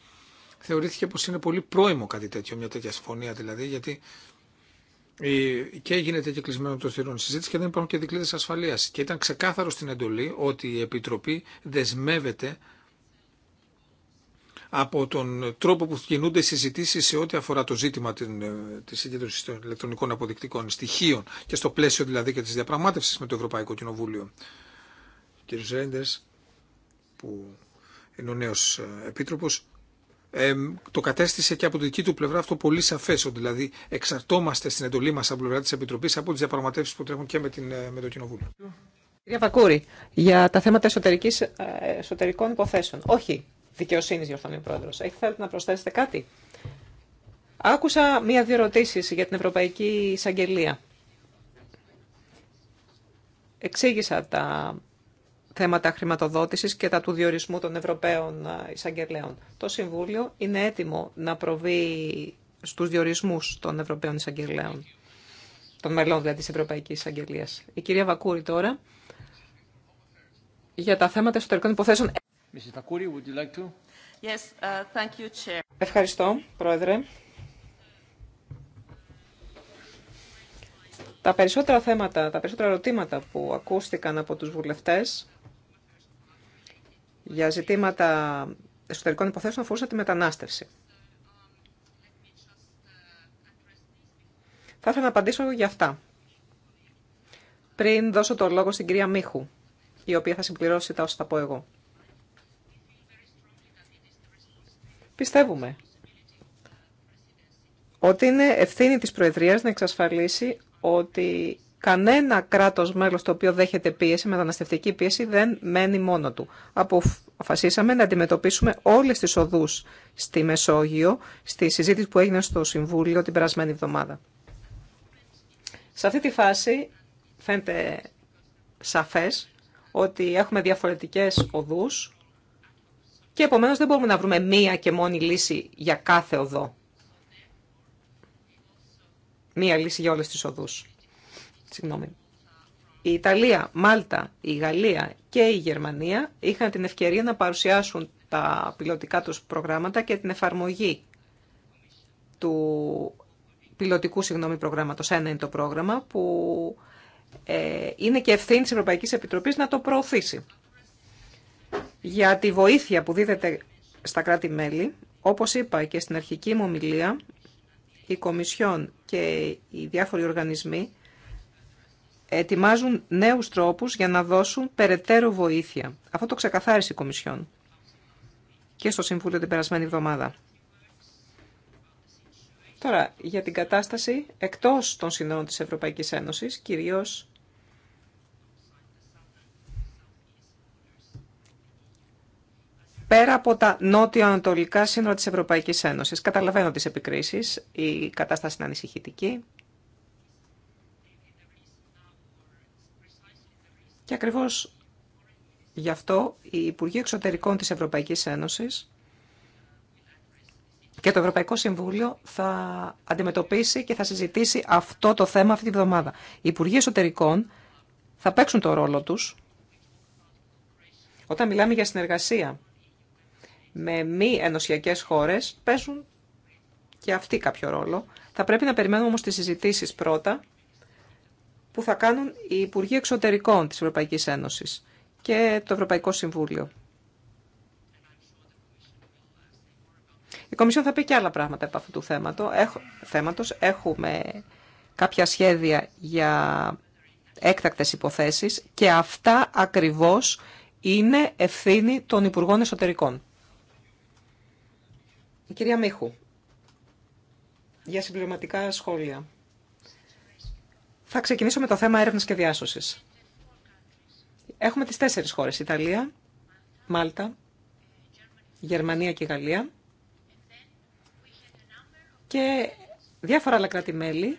Speaker 2: θεωρήθηκε πως είναι πολύ πρόημο κάτι τέτοιο, μια τέτοια συμφωνία δηλαδή, γιατί και γίνεται και κλεισμένο των θηρόν συζήτηση και δεν υπάρχουν και δικλείδες ασφαλείας. Και ήταν ξεκάθαρο στην εντολή ότι η Επιτροπή δεσμεύεται από τον τρόπο που κινούνται οι συζητήσει σε ό,τι αφορά το ζήτημα τη ε, συγκέντρωση των ηλεκτρονικών αποδεικτικών στοιχείων και στο πλαίσιο δηλαδή και τη διαπραγμάτευση με το Ευρωπαϊκό Κοινοβούλιο. κύριο Ζέντερ, που είναι ο νέο ε, επίτροπο, το κατέστησε και από τη δική του πλευρά αυτό πολύ σαφέ, ότι δηλαδή εξαρτώμαστε στην εντολή μα από πλευρά τη Επιτροπή από τι διαπραγματεύσει που τρέχουν και με, την, ε, με το
Speaker 3: Κοινοβούλιο. Κυρία Βακούρη, για τα θέματα ε, εσωτερικών υποθέσεων. Όχι δικαιοσύνη, διορθώνει ο πρόεδρο. Θέλετε να προσθέσετε κάτι. Άκουσα μία-δύο ερωτήσει για την Ευρωπαϊκή Εισαγγελία. Εξήγησα τα θέματα χρηματοδότησης και τα του διορισμού των Ευρωπαίων ε, εισαγγελέων. Το Συμβούλιο είναι έτοιμο να προβεί στους διορισμούς των Ευρωπαίων εισαγγελέων, των μελών δηλαδή της Ευρωπαϊκής Εισαγγελίας. Η κυρία Βακούρη τώρα για τα θέματα εσωτερικών υποθέσεων. Ευχαριστώ, Πρόεδρε. Τα περισσότερα θέματα, τα περισσότερα ερωτήματα που ακούστηκαν από τους βουλευτές για ζητήματα εσωτερικών υποθέσεων αφορούσε τη μετανάστευση. Θα ήθελα να απαντήσω για αυτά. Πριν δώσω το λόγο στην κυρία Μίχου, η οποία θα συμπληρώσει τα όσα θα πω εγώ. Πιστεύουμε ότι είναι ευθύνη της Προεδρίας να εξασφαλίσει ότι Κανένα κράτος μέλος το οποίο δέχεται πίεση, μεταναστευτική πίεση, δεν μένει μόνο του. Αποφασίσαμε να αντιμετωπίσουμε όλες τις οδούς στη Μεσόγειο, στη συζήτηση που έγινε στο Συμβούλιο την περασμένη εβδομάδα. Σε αυτή τη φάση φαίνεται σαφές ότι έχουμε διαφορετικές οδούς και επομένως δεν μπορούμε να βρούμε μία και μόνη λύση για κάθε οδό. Μία λύση για όλες τις οδούς. Συγγνώμη. Η Ιταλία, Μάλτα, η Γαλλία και η Γερμανία είχαν την ευκαιρία να παρουσιάσουν τα πιλωτικά τους προγράμματα και την εφαρμογή του πιλωτικού συγγνώμη, προγράμματος. Ένα είναι το πρόγραμμα που ε, είναι και ευθύνη της Ευρωπαϊκής Επιτροπής να το προωθήσει. Για τη βοήθεια που δίδεται στα κράτη-μέλη, όπως είπα και στην αρχική μου ομιλία, η Κομισιόν και οι διάφοροι οργανισμοί ετοιμάζουν νέους τρόπους για να δώσουν περαιτέρω βοήθεια. Αυτό το ξεκαθάρισε η Κομισιόν και στο Συμβούλιο την περασμένη εβδομάδα. Τώρα, για την κατάσταση εκτός των συνόρων της Ευρωπαϊκής Ένωσης, κυρίως πέρα από τα νότιο-ανατολικά σύνορα της Ευρωπαϊκής Ένωσης. Καταλαβαίνω τις επικρίσεις, η κατάσταση είναι ανησυχητική. Και ακριβώς γι' αυτό η Υπουργοί Εξωτερικών της Ευρωπαϊκής Ένωσης και το Ευρωπαϊκό Συμβούλιο θα αντιμετωπίσει και θα συζητήσει αυτό το θέμα αυτή τη βδομάδα. Οι Υπουργοί Εσωτερικών θα παίξουν το ρόλο τους όταν μιλάμε για συνεργασία με μη ενωσιακές χώρες παίζουν και αυτοί κάποιο ρόλο. Θα πρέπει να περιμένουμε όμως τις συζητήσεις πρώτα που θα κάνουν οι Υπουργοί Εξωτερικών της Ευρωπαϊκής Ένωσης και το Ευρωπαϊκό Συμβούλιο. Η Κομισιόν θα πει και άλλα πράγματα από αυτού του θέματο. θέματος. Έχουμε κάποια σχέδια για έκτακτες υποθέσεις και αυτά ακριβώς είναι ευθύνη των Υπουργών Εσωτερικών. Η κυρία Μίχου, για συμπληρωματικά σχόλια. Θα ξεκινήσω με το θέμα έρευνας και διάσωσης. Έχουμε τις τέσσερις χώρες, Ιταλία, Μάλτα, Γερμανία και Γαλλία και διάφορα άλλα κράτη-μέλη,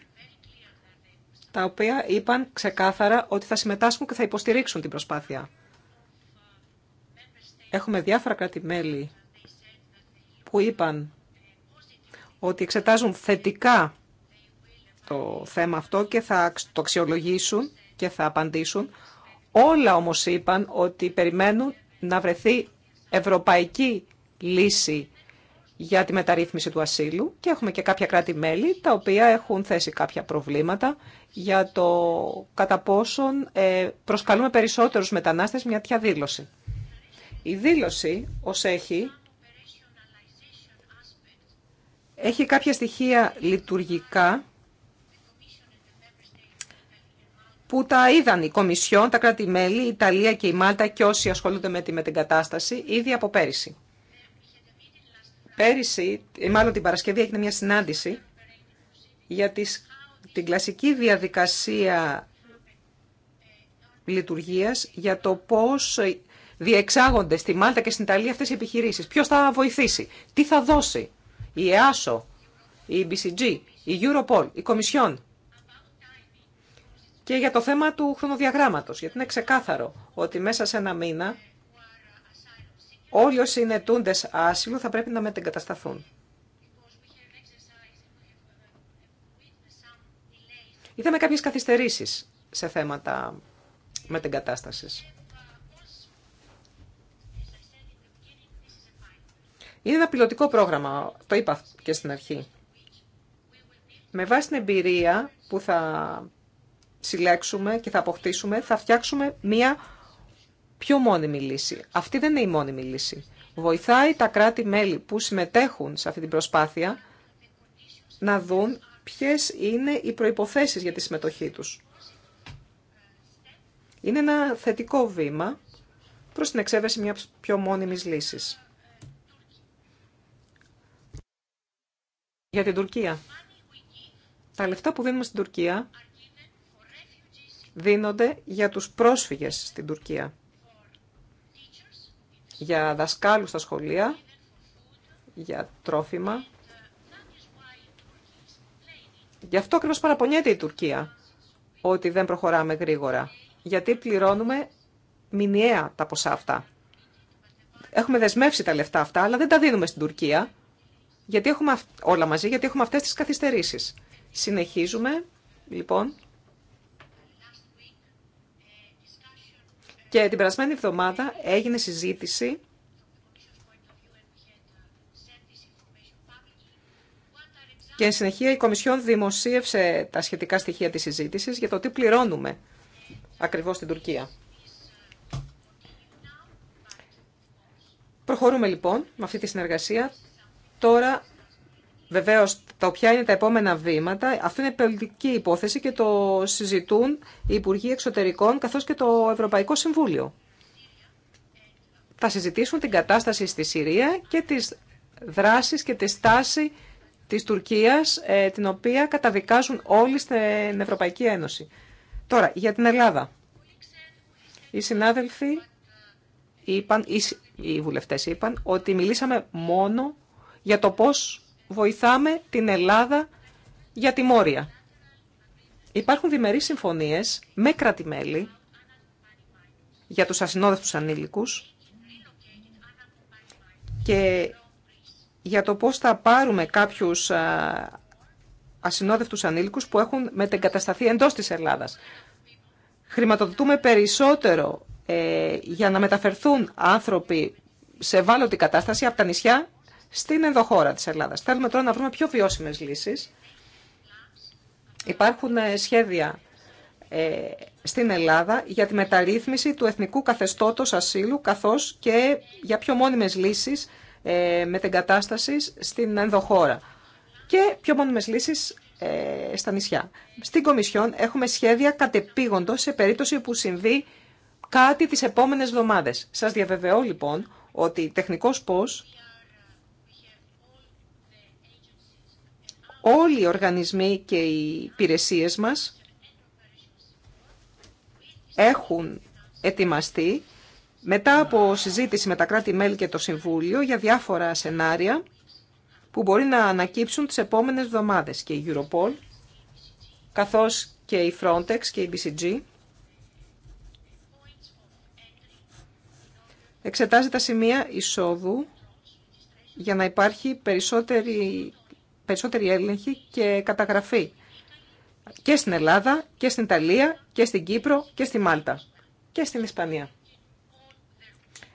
Speaker 3: τα οποία είπαν ξεκάθαρα ότι θα συμμετάσχουν και θα υποστηρίξουν την προσπάθεια. Έχουμε διάφορα κράτη-μέλη που είπαν ότι εξετάζουν θετικά το θέμα αυτό και θα το αξιολογήσουν και θα απαντήσουν. Όλα όμως είπαν ότι περιμένουν να βρεθεί ευρωπαϊκή λύση για τη μεταρρύθμιση του ασύλου και έχουμε και κάποια κράτη-μέλη τα οποία έχουν θέσει κάποια προβλήματα για το κατά πόσον ε, προσκαλούμε περισσότερους μετανάστες μια τέτοια δήλωση. Η δήλωση ως έχει, έχει κάποια στοιχεία λειτουργικά που τα είδαν η Κομισιόν, τα κράτη-μέλη, η Ιταλία και η Μάλτα και όσοι ασχολούνται με, την κατάσταση ήδη από πέρυσι. Πέρυσι, ε, μάλλον την Παρασκευή, έγινε μια συνάντηση για τις, την κλασική διαδικασία λειτουργίας για το πώς διεξάγονται στη Μάλτα και στην Ιταλία αυτές οι επιχειρήσεις. Ποιος θα βοηθήσει, τι θα δώσει η ΕΑΣΟ, η BCG, η Europol, η Κομισιόν και για το θέμα του χρονοδιαγράμματος, γιατί είναι ξεκάθαρο ότι μέσα σε ένα μήνα όλοι όσοι είναι τούντες άσυλου θα πρέπει να μετεγκατασταθούν. Είδαμε κάποιες καθυστερήσεις σε θέματα μετεγκατάστασης. Είναι ένα πιλωτικό πρόγραμμα, το είπα και στην αρχή. Με βάση την εμπειρία που θα συλλέξουμε και θα αποκτήσουμε, θα φτιάξουμε μία πιο μόνιμη λύση. Αυτή δεν είναι η μόνιμη λύση. Βοηθάει τα κράτη-μέλη που συμμετέχουν σε αυτή την προσπάθεια να δουν ποιες είναι οι προϋποθέσεις για τη συμμετοχή τους. Είναι ένα θετικό βήμα προς την εξέβρεση μιας πιο μόνιμης λύσης. Για την Τουρκία. Τα λεφτά που δίνουμε στην Τουρκία δίνονται για τους πρόσφυγες στην Τουρκία. Για δασκάλους στα σχολεία, για τρόφιμα. Γι' αυτό ακριβώ παραπονιέται η Τουρκία ότι δεν προχωράμε γρήγορα. Γιατί πληρώνουμε μηνιαία τα ποσά αυτά. Έχουμε δεσμεύσει τα λεφτά αυτά, αλλά δεν τα δίνουμε στην Τουρκία. Γιατί έχουμε όλα μαζί, γιατί έχουμε αυτές τις καθυστερήσεις. Συνεχίζουμε, λοιπόν, Και την περασμένη εβδομάδα έγινε συζήτηση και εν συνεχεία η Κομισιόν δημοσίευσε τα σχετικά στοιχεία της συζήτησης για το τι πληρώνουμε ακριβώς στην Τουρκία. Προχωρούμε λοιπόν με αυτή τη συνεργασία. Τώρα Βεβαίω, τα ποια είναι τα επόμενα βήματα, αυτή είναι πολιτική υπόθεση και το συζητούν οι Υπουργοί Εξωτερικών καθώς και το Ευρωπαϊκό Συμβούλιο. Θα συζητήσουν την κατάσταση στη Συρία και τις δράσεις και τη στάση της Τουρκίας, ε, την οποία καταδικάζουν όλοι στην Ευρωπαϊκή Ένωση. Τώρα, για την Ελλάδα. Οι συνάδελφοι είπαν, οι βουλευτές είπαν, ότι μιλήσαμε μόνο για το πώς βοηθάμε την Ελλάδα για τη Μόρια. Υπάρχουν διμερείς συμφωνίες με κρατημέλη για τους ασυνόδευτους ανήλικους και για το πώς θα πάρουμε κάποιους ασυνόδευτους ανήλικους που έχουν μετεγκατασταθεί εντός της Ελλάδας. Χρηματοδοτούμε περισσότερο ε, για να μεταφερθούν άνθρωποι σε ευάλωτη κατάσταση από τα νησιά στην ενδοχώρα της Ελλάδας. Θέλουμε τώρα να βρούμε πιο βιώσιμες λύσεις. Υπάρχουν ε, σχέδια ε, στην Ελλάδα για τη μεταρρύθμιση του εθνικού καθεστώτος ασύλου καθώς και για πιο μόνιμες λύσεις ε, κατάσταση στην ενδοχώρα και πιο μόνιμες λύσεις ε, στα νησιά. Στην Κομισιόν έχουμε σχέδια κατεπήγοντος σε περίπτωση που συμβεί κάτι τις επόμενες εβδομάδες. Σας διαβεβαιώ λοιπόν ότι τεχνικός πώς όλοι οι οργανισμοί και οι υπηρεσίες μας έχουν ετοιμαστεί μετά από συζήτηση με τα κράτη-μέλη και το Συμβούλιο για διάφορα σενάρια που μπορεί να ανακύψουν τις επόμενες εβδομάδες και η Europol, καθώς και η Frontex και η BCG. Εξετάζει τα σημεία εισόδου για να υπάρχει περισσότερη περισσότερη έλεγχη και καταγραφή και στην Ελλάδα και στην Ιταλία και στην Κύπρο και στη Μάλτα και στην Ισπανία.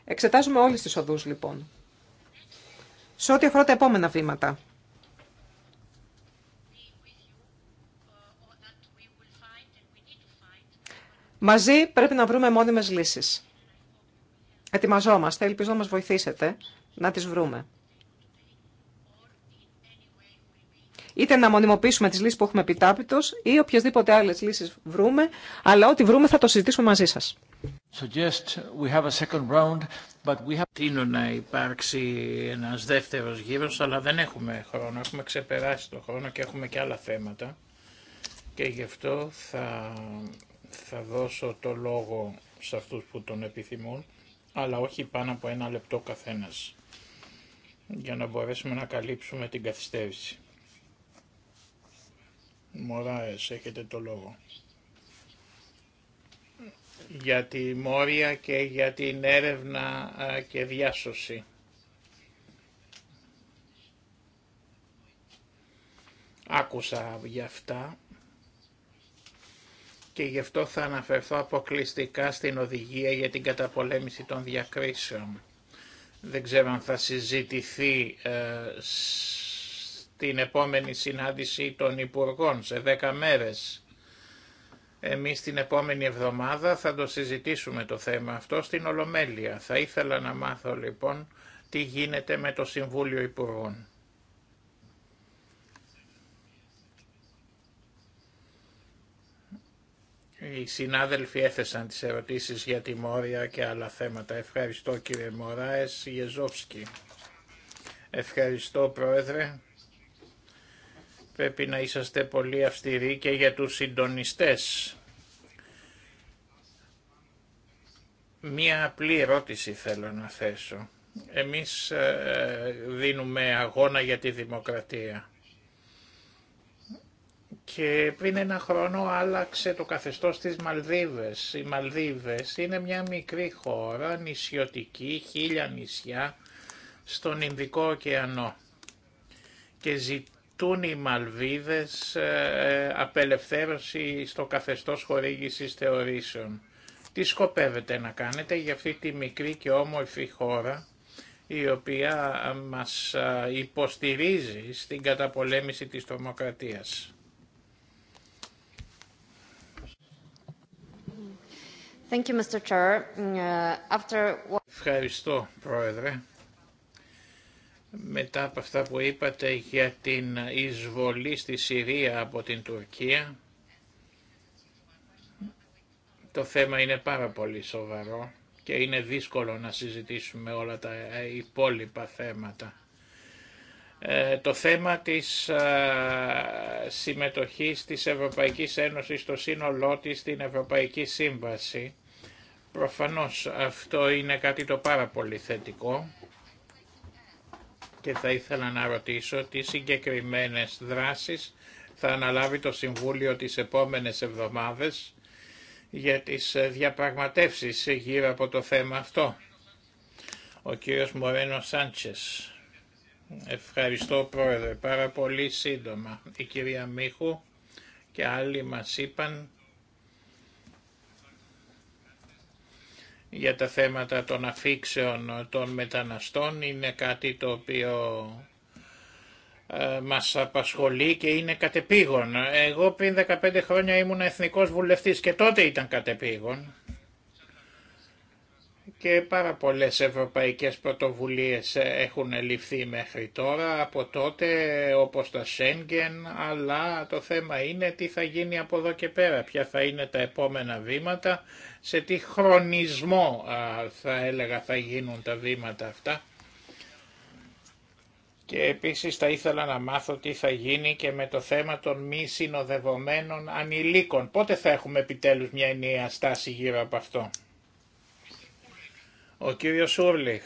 Speaker 3: Εξετάζουμε όλες τις οδούς λοιπόν. Σε ό,τι αφορά τα επόμενα βήματα. Μαζί πρέπει να βρούμε μόνιμες λύσεις. Ετοιμαζόμαστε, ελπίζω να μας βοηθήσετε να τις βρούμε. είτε να μονιμοποιήσουμε τις λύσεις που έχουμε επιτάπητος ή οποιασδήποτε άλλες λύσεις βρούμε, αλλά ό,τι βρούμε θα το συζητήσουμε μαζί σας.
Speaker 1: Τίνω να υπάρξει ένας δεύτερος γύρος, αλλά δεν έχουμε χρόνο. Έχουμε ξεπεράσει το χρόνο και έχουμε και άλλα θέματα. Και γι' αυτό θα, θα δώσω το λόγο σε αυτούς που τον επιθυμούν, αλλά όχι πάνω από ένα λεπτό καθένας, για να μπορέσουμε να καλύψουμε την καθυστέρηση. Μωράες, έχετε το λόγο. Για τη Μόρια και για την έρευνα και διάσωση. Άκουσα γι' αυτά και γι' αυτό θα αναφερθώ αποκλειστικά στην οδηγία για την καταπολέμηση των διακρίσεων. Δεν ξέρω αν θα συζητηθεί ε, την επόμενη συνάντηση των Υπουργών σε 10 μέρες. Εμείς την επόμενη εβδομάδα θα το συζητήσουμε το θέμα αυτό στην Ολομέλεια. Θα ήθελα να μάθω λοιπόν τι γίνεται με το Συμβούλιο Υπουργών. Οι συνάδελφοι έθεσαν τις ερωτήσεις για τη Μόρια και άλλα θέματα. Ευχαριστώ κύριε Μωράες Γεζόφσκι. Ευχαριστώ πρόεδρε. Πρέπει να είσαστε πολύ αυστηροί και για τους συντονιστές. Μία απλή ερώτηση θέλω να θέσω. Εμείς ε, δίνουμε αγώνα για τη δημοκρατία. Και πριν ένα χρόνο άλλαξε το καθεστώς της Μαλδίβες. Οι Μαλδίβες είναι μια μικρή χώρα, νησιωτική, χίλια νησιά, στον Ινδικό ωκεανό. Και ζητούν οι Μαλβίδες ε, ε, απελευθέρωση στο καθεστώς χορήγησης θεωρήσεων. Τι σκοπεύετε να κάνετε για αυτή τη μικρή και όμορφη χώρα η οποία ε, μας υποστηρίζει στην καταπολέμηση της τρομοκρατίας. Thank you, Mr. Chair. Mm, uh, after... Ευχαριστώ, Πρόεδρε. Μετά από αυτά που είπατε για την εισβολή στη Συρία από την Τουρκία, το θέμα είναι πάρα πολύ σοβαρό και είναι δύσκολο να συζητήσουμε όλα τα υπόλοιπα θέματα. Ε, το θέμα της συμμετοχής της Ευρωπαϊκής Ένωσης στο σύνολό της στην Ευρωπαϊκή Σύμβαση, προφανώς αυτό είναι κάτι το πάρα πολύ θετικό και θα ήθελα να ρωτήσω τι συγκεκριμένες δράσεις θα αναλάβει το Συμβούλιο τις επόμενες εβδομάδες για τις διαπραγματεύσεις γύρω από το θέμα αυτό. Ο κύριος Μορένο Σάντσες. Ευχαριστώ πρόεδρε. Πάρα πολύ σύντομα. Η κυρία Μίχου και άλλοι μας είπαν για τα θέματα των αφήξεων των μεταναστών είναι κάτι το οποίο ε, μας απασχολεί και είναι κατεπήγον. Εγώ πριν 15 χρόνια ήμουν εθνικός βουλευτής και τότε ήταν κατεπήγον και πάρα πολλές ευρωπαϊκές πρωτοβουλίες ε, έχουν ληφθεί μέχρι τώρα, από τότε όπως τα Σέγγεν, αλλά το θέμα είναι τι θα γίνει από εδώ και πέρα, ποια θα είναι τα επόμενα βήματα, σε τι χρονισμό θα έλεγα θα γίνουν τα βήματα αυτά. Και επίσης θα ήθελα να μάθω τι θα γίνει και με το θέμα των μη συνοδευομένων ανηλίκων. Πότε θα έχουμε επιτέλους μια ενιαία στάση γύρω από αυτό. Ο κύριος Ούρλιχ.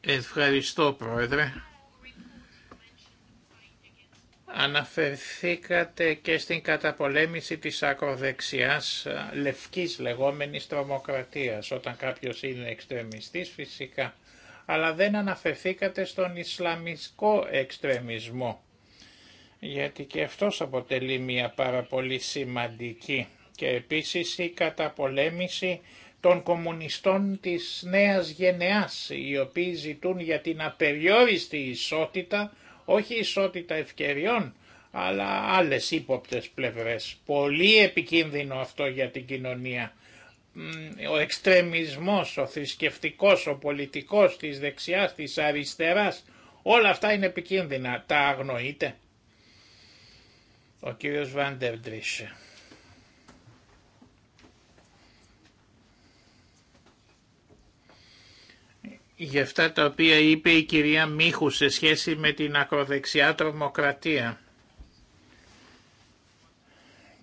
Speaker 1: Ευχαριστώ Πρόεδρε. Αναφερθήκατε και στην καταπολέμηση της ακροδεξιάς λευκής λεγόμενης τρομοκρατίας όταν κάποιος είναι εξτρεμιστής φυσικά αλλά δεν αναφερθήκατε στον Ισλαμιστικό εξτρεμισμό γιατί και αυτός αποτελεί μια πάρα πολύ σημαντική και επίσης η καταπολέμηση των κομμουνιστών της νέας γενεάς, οι οποίοι ζητούν για την απεριόριστη ισότητα, όχι ισότητα ευκαιριών, αλλά άλλες ύποπτες πλευρές. Πολύ επικίνδυνο αυτό για την κοινωνία. Ο εξτρεμισμός, ο θρησκευτικό, ο πολιτικός, της δεξιάς, της αριστεράς, όλα αυτά είναι επικίνδυνα. Τα αγνοείτε. Ο κύριος Βαντερντρίσε. για αυτά τα οποία είπε η κυρία Μίχου σε σχέση με την ακροδεξιά τρομοκρατία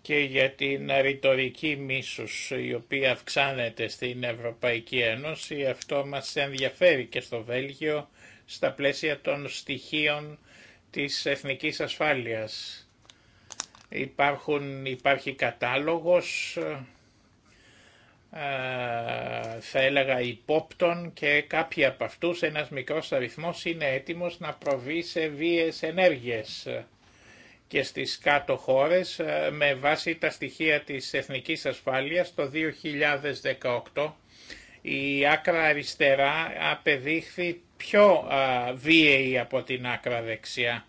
Speaker 1: και για την ρητορική μίσους η οποία αυξάνεται στην Ευρωπαϊκή Ένωση. Αυτό μας ενδιαφέρει και στο Βέλγιο στα πλαίσια των στοιχείων της εθνικής ασφάλειας. Υπάρχουν, υπάρχει κατάλογος, ε, ε, θα έλεγα υπόπτων και κάποιοι από αυτούς, ένας μικρός αριθμός είναι έτοιμος να προβεί σε βίες ενέργειες και στις κάτω χώρες ε, με βάση τα στοιχεία της Εθνικής Ασφάλειας το 2018 η άκρα αριστερά απεδείχθη πιο βίαιη από την άκρα δεξιά.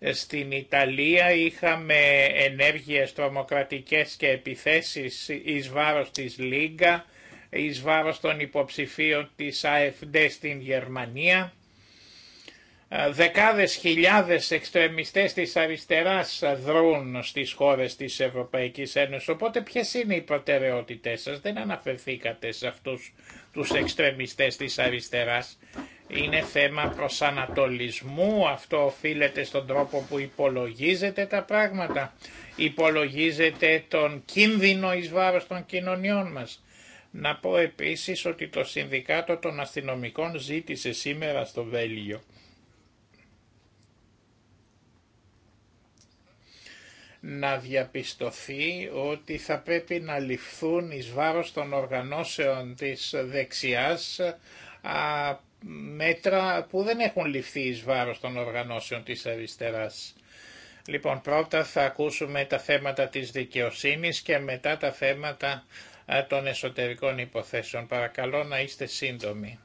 Speaker 1: Ε, στην Ιταλία είχαμε ενέργειες τρομοκρατικές και επιθέσεις εις βάρος της Λίγκα, εις βάρος των υποψηφίων της AFD στην Γερμανία. Ε, δεκάδες χιλιάδες εξτρεμιστές της αριστεράς δρούν στις χώρες της Ευρωπαϊκής Ένωσης, οπότε ποιες είναι οι προτεραιότητές σας, δεν αναφερθήκατε σε αυτούς τους εξτρεμιστές της αριστεράς είναι θέμα προσανατολισμού, αυτό οφείλεται στον τρόπο που υπολογίζεται τα πράγματα, υπολογίζεται τον κίνδυνο εις βάρος των κοινωνιών μας. Να πω επίσης ότι το Συνδικάτο των Αστυνομικών ζήτησε σήμερα στο Βέλγιο να διαπιστωθεί ότι θα πρέπει να ληφθούν εις βάρος των οργανώσεων της δεξιάς μέτρα που δεν έχουν ληφθεί εις βάρος των οργανώσεων της αριστεράς. Λοιπόν, πρώτα θα ακούσουμε τα θέματα της δικαιοσύνης και μετά τα θέματα των εσωτερικών υποθέσεων. Παρακαλώ να είστε σύντομοι.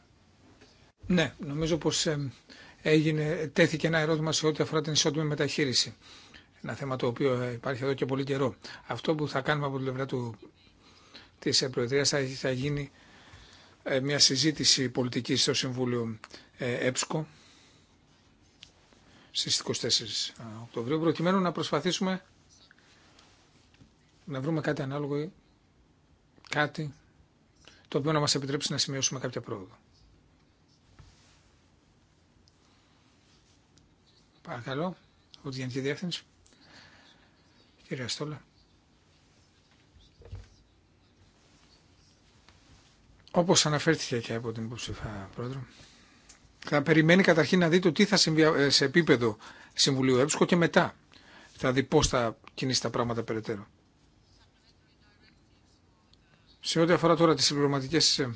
Speaker 2: Ναι, νομίζω πως έγινε, τέθηκε ένα ερώτημα σε ό,τι αφορά την ισότιμη μεταχείριση. Ένα θέμα το οποίο ε, υπάρχει εδώ και πολύ καιρό. Αυτό που θα κάνουμε από την πλευρά του, της θα γίνει ε, μια συζήτηση πολιτικής στο Συμβούλιο ε, ΕΠΣΚΟ στις 24 ε, Οκτωβρίου προκειμένου να προσπαθήσουμε να βρούμε κάτι ανάλογο ή κάτι το οποίο να μας επιτρέψει να σημειώσουμε κάποια πρόοδο. Παρακαλώ, Ο τη Γενική Διεύθυνση. Κυρία Στόλα. όπως αναφέρθηκε και από την υποψηφία πρόεδρο, θα περιμένει καταρχήν να δει το τι θα συμβεί ε, σε επίπεδο Συμβουλίου ΕΠΣΚΟ και μετά θα δει πώς θα κινήσει τα πράγματα περαιτέρω. Σε ό,τι αφορά τώρα τις συμπληρωματικές ε,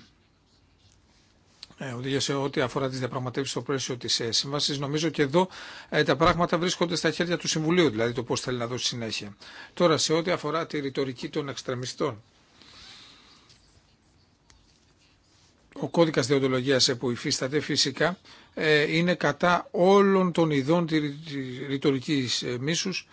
Speaker 2: ε, οδηγίες, σε ό,τι αφορά τις διαπραγματεύσεις στο πλαίσιο της σύμβασης, νομίζω και εδώ τα πράγματα βρίσκονται στα χέρια του Συμβουλίου, δηλαδή το πώς θέλει να δώσει συνέχεια. Τώρα, σε ό,τι αφορά τη ρητορική των εξτρεμιστών, ο κώδικας διοντολογία που υφίσταται φυσικά ε, είναι κατά όλων των ειδών τη ρητορικής ε, μίσους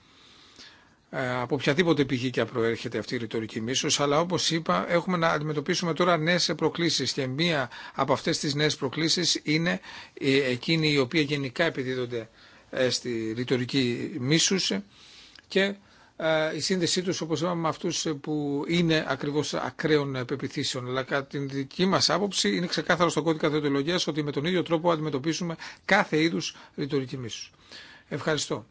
Speaker 2: ε, από οποιαδήποτε πηγή και προέρχεται αυτή η ρητορική μίσου, αλλά όπω είπα, έχουμε να αντιμετωπίσουμε τώρα νέε προκλήσει. Και μία από αυτέ τι νέε προκλήσει είναι εκείνη η οποία γενικά επιδίδονται στη ρητορική μίσου και ε, η σύνδεσή τους όπως είπαμε με αυτούς που είναι ακριβώς ακραίων πεπιθήσεων. Αλλά κατά την δική μας άποψη είναι ξεκάθαρο στο κώδικα θεωτολογίας ότι με τον ίδιο τρόπο αντιμετωπίσουμε κάθε είδους ρητορική μίσους. Ευχαριστώ.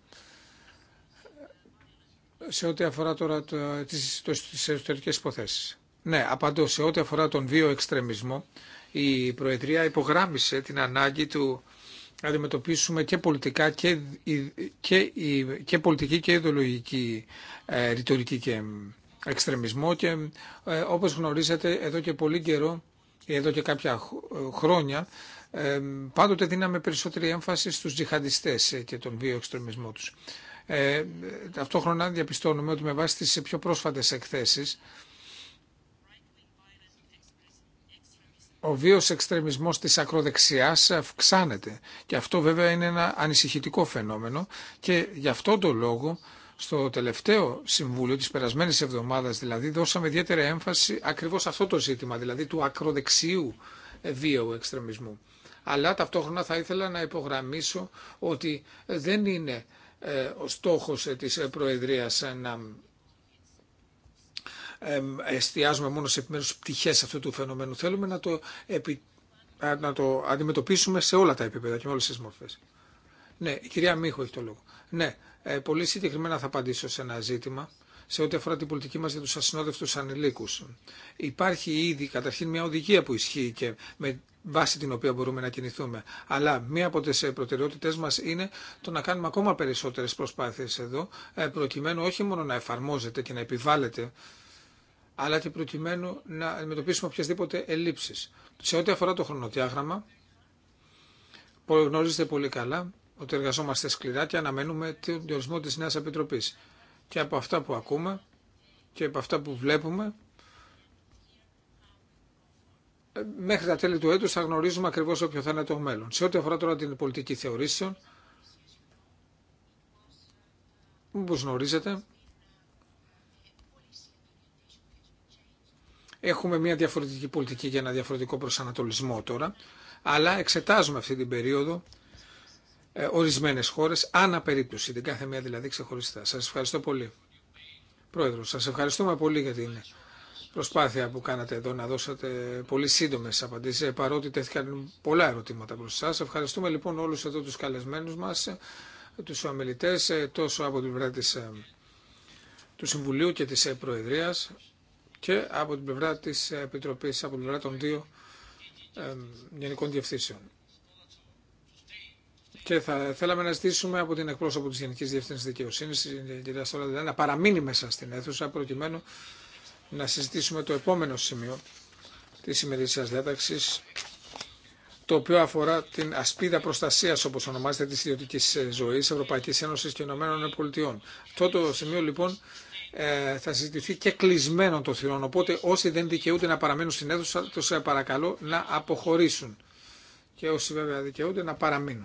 Speaker 2: Σε ό,τι αφορά τώρα τις, τις εσωτερικές υποθέσεις. Ναι, απαντώ. Σε ό,τι αφορά τον βίο η Προεδρία υπογράμμισε την ανάγκη του αντιμετωπίσουμε και πολιτικά και, και, και πολιτική και ιδεολογική ε, ρητορική και εξτρεμισμό και ε, όπως γνωρίζετε εδώ και πολύ καιρό εδώ και κάποια χρόνια ε, πάντοτε δίναμε περισσότερη έμφαση στους τζιχαντιστές και τον βίο εξτρεμισμό τους. Ε, ταυτόχρονα διαπιστώνουμε ότι με βάση τις πιο πρόσφατες εκθέσεις ο βίος εξτρεμισμός της ακροδεξιάς αυξάνεται και αυτό βέβαια είναι ένα ανησυχητικό φαινόμενο και γι' αυτό το λόγο στο τελευταίο συμβούλιο της περασμένης εβδομάδας δηλαδή δώσαμε ιδιαίτερη έμφαση ακριβώς σε αυτό το ζήτημα δηλαδή του ακροδεξιού βίου εξτρεμισμού. Αλλά ταυτόχρονα θα ήθελα να υπογραμμίσω ότι δεν είναι ε, ο στόχος ε, της Προεδρίας να εστιάζουμε μόνο σε επιμέρους πτυχές αυτού του φαινομένου. Θέλουμε να το, επι... να το αντιμετωπίσουμε σε όλα τα επίπεδα και με όλες τις μορφές. Ναι, η κυρία Μίχο έχει το λόγο. Ναι, ε, πολύ συγκεκριμένα θα απαντήσω σε ένα ζήτημα σε ό,τι αφορά την πολιτική μας για τους ασυνόδευτους ανηλίκους. Υπάρχει ήδη καταρχήν μια οδηγία που ισχύει και με βάση την οποία μπορούμε να κινηθούμε. Αλλά μία από τις ε, προτεραιότητες μας είναι το να κάνουμε ακόμα περισσότερες προσπάθειες εδώ, ε, προκειμένου όχι μόνο να εφαρμόζεται και να επιβάλλεται αλλά και προκειμένου να αντιμετωπίσουμε οποιασδήποτε ελλείψεις. Σε ό,τι αφορά το χρονοδιάγραμμα, γνωρίζετε πολύ καλά ότι εργαζόμαστε σκληρά και αναμένουμε τον διορισμό της Νέας Επιτροπής. Και από αυτά που ακούμε και από αυτά που βλέπουμε, μέχρι τα τέλη του έτους θα γνωρίζουμε ακριβώς όποιο θα είναι το μέλλον. Σε ό,τι αφορά τώρα την πολιτική θεωρήσεων, όπως γνωρίζετε, έχουμε μια διαφορετική πολιτική για ένα διαφορετικό προσανατολισμό τώρα, αλλά εξετάζουμε αυτή την περίοδο ε, ορισμένες χώρες, ανά περίπτωση, την κάθε μία δηλαδή ξεχωριστά. Σας ευχαριστώ πολύ. Πρόεδρο, σας ευχαριστούμε πολύ για την προσπάθεια που κάνατε εδώ να δώσετε πολύ σύντομε απαντήσει, ε, παρότι τέθηκαν πολλά ερωτήματα προς σα. Ευχαριστούμε λοιπόν όλους εδώ τους καλεσμένους μας, ε, τους ομιλητές, ε, τόσο από την πλευρά του Συμβουλίου και τη Προεδρία, και από την πλευρά της Επιτροπής, από την πλευρά των δύο Γενικών Διευθύνσεων. Και θα θέλαμε να ζητήσουμε από την εκπρόσωπο της Γενικής Διευθύνσης Δικαιοσύνης, την κυρία Στόλα να παραμείνει μέσα στην αίθουσα προκειμένου να συζητήσουμε το επόμενο σημείο της ημερήσιας διάταξης, το οποίο αφορά την ασπίδα προστασία, όπω ονομάζεται, τη ιδιωτική ζωή Ευρωπαϊκή Ένωση και Ηνωμένων Πολιτειών. Αυτό το σημείο λοιπόν ε, θα συζητηθεί και κλεισμένο το θυρών. Οπότε όσοι δεν δικαιούνται να παραμένουν στην αίθουσα, τους ε, παρακαλώ να αποχωρήσουν. Και όσοι βέβαια δικαιούνται να παραμείνουν.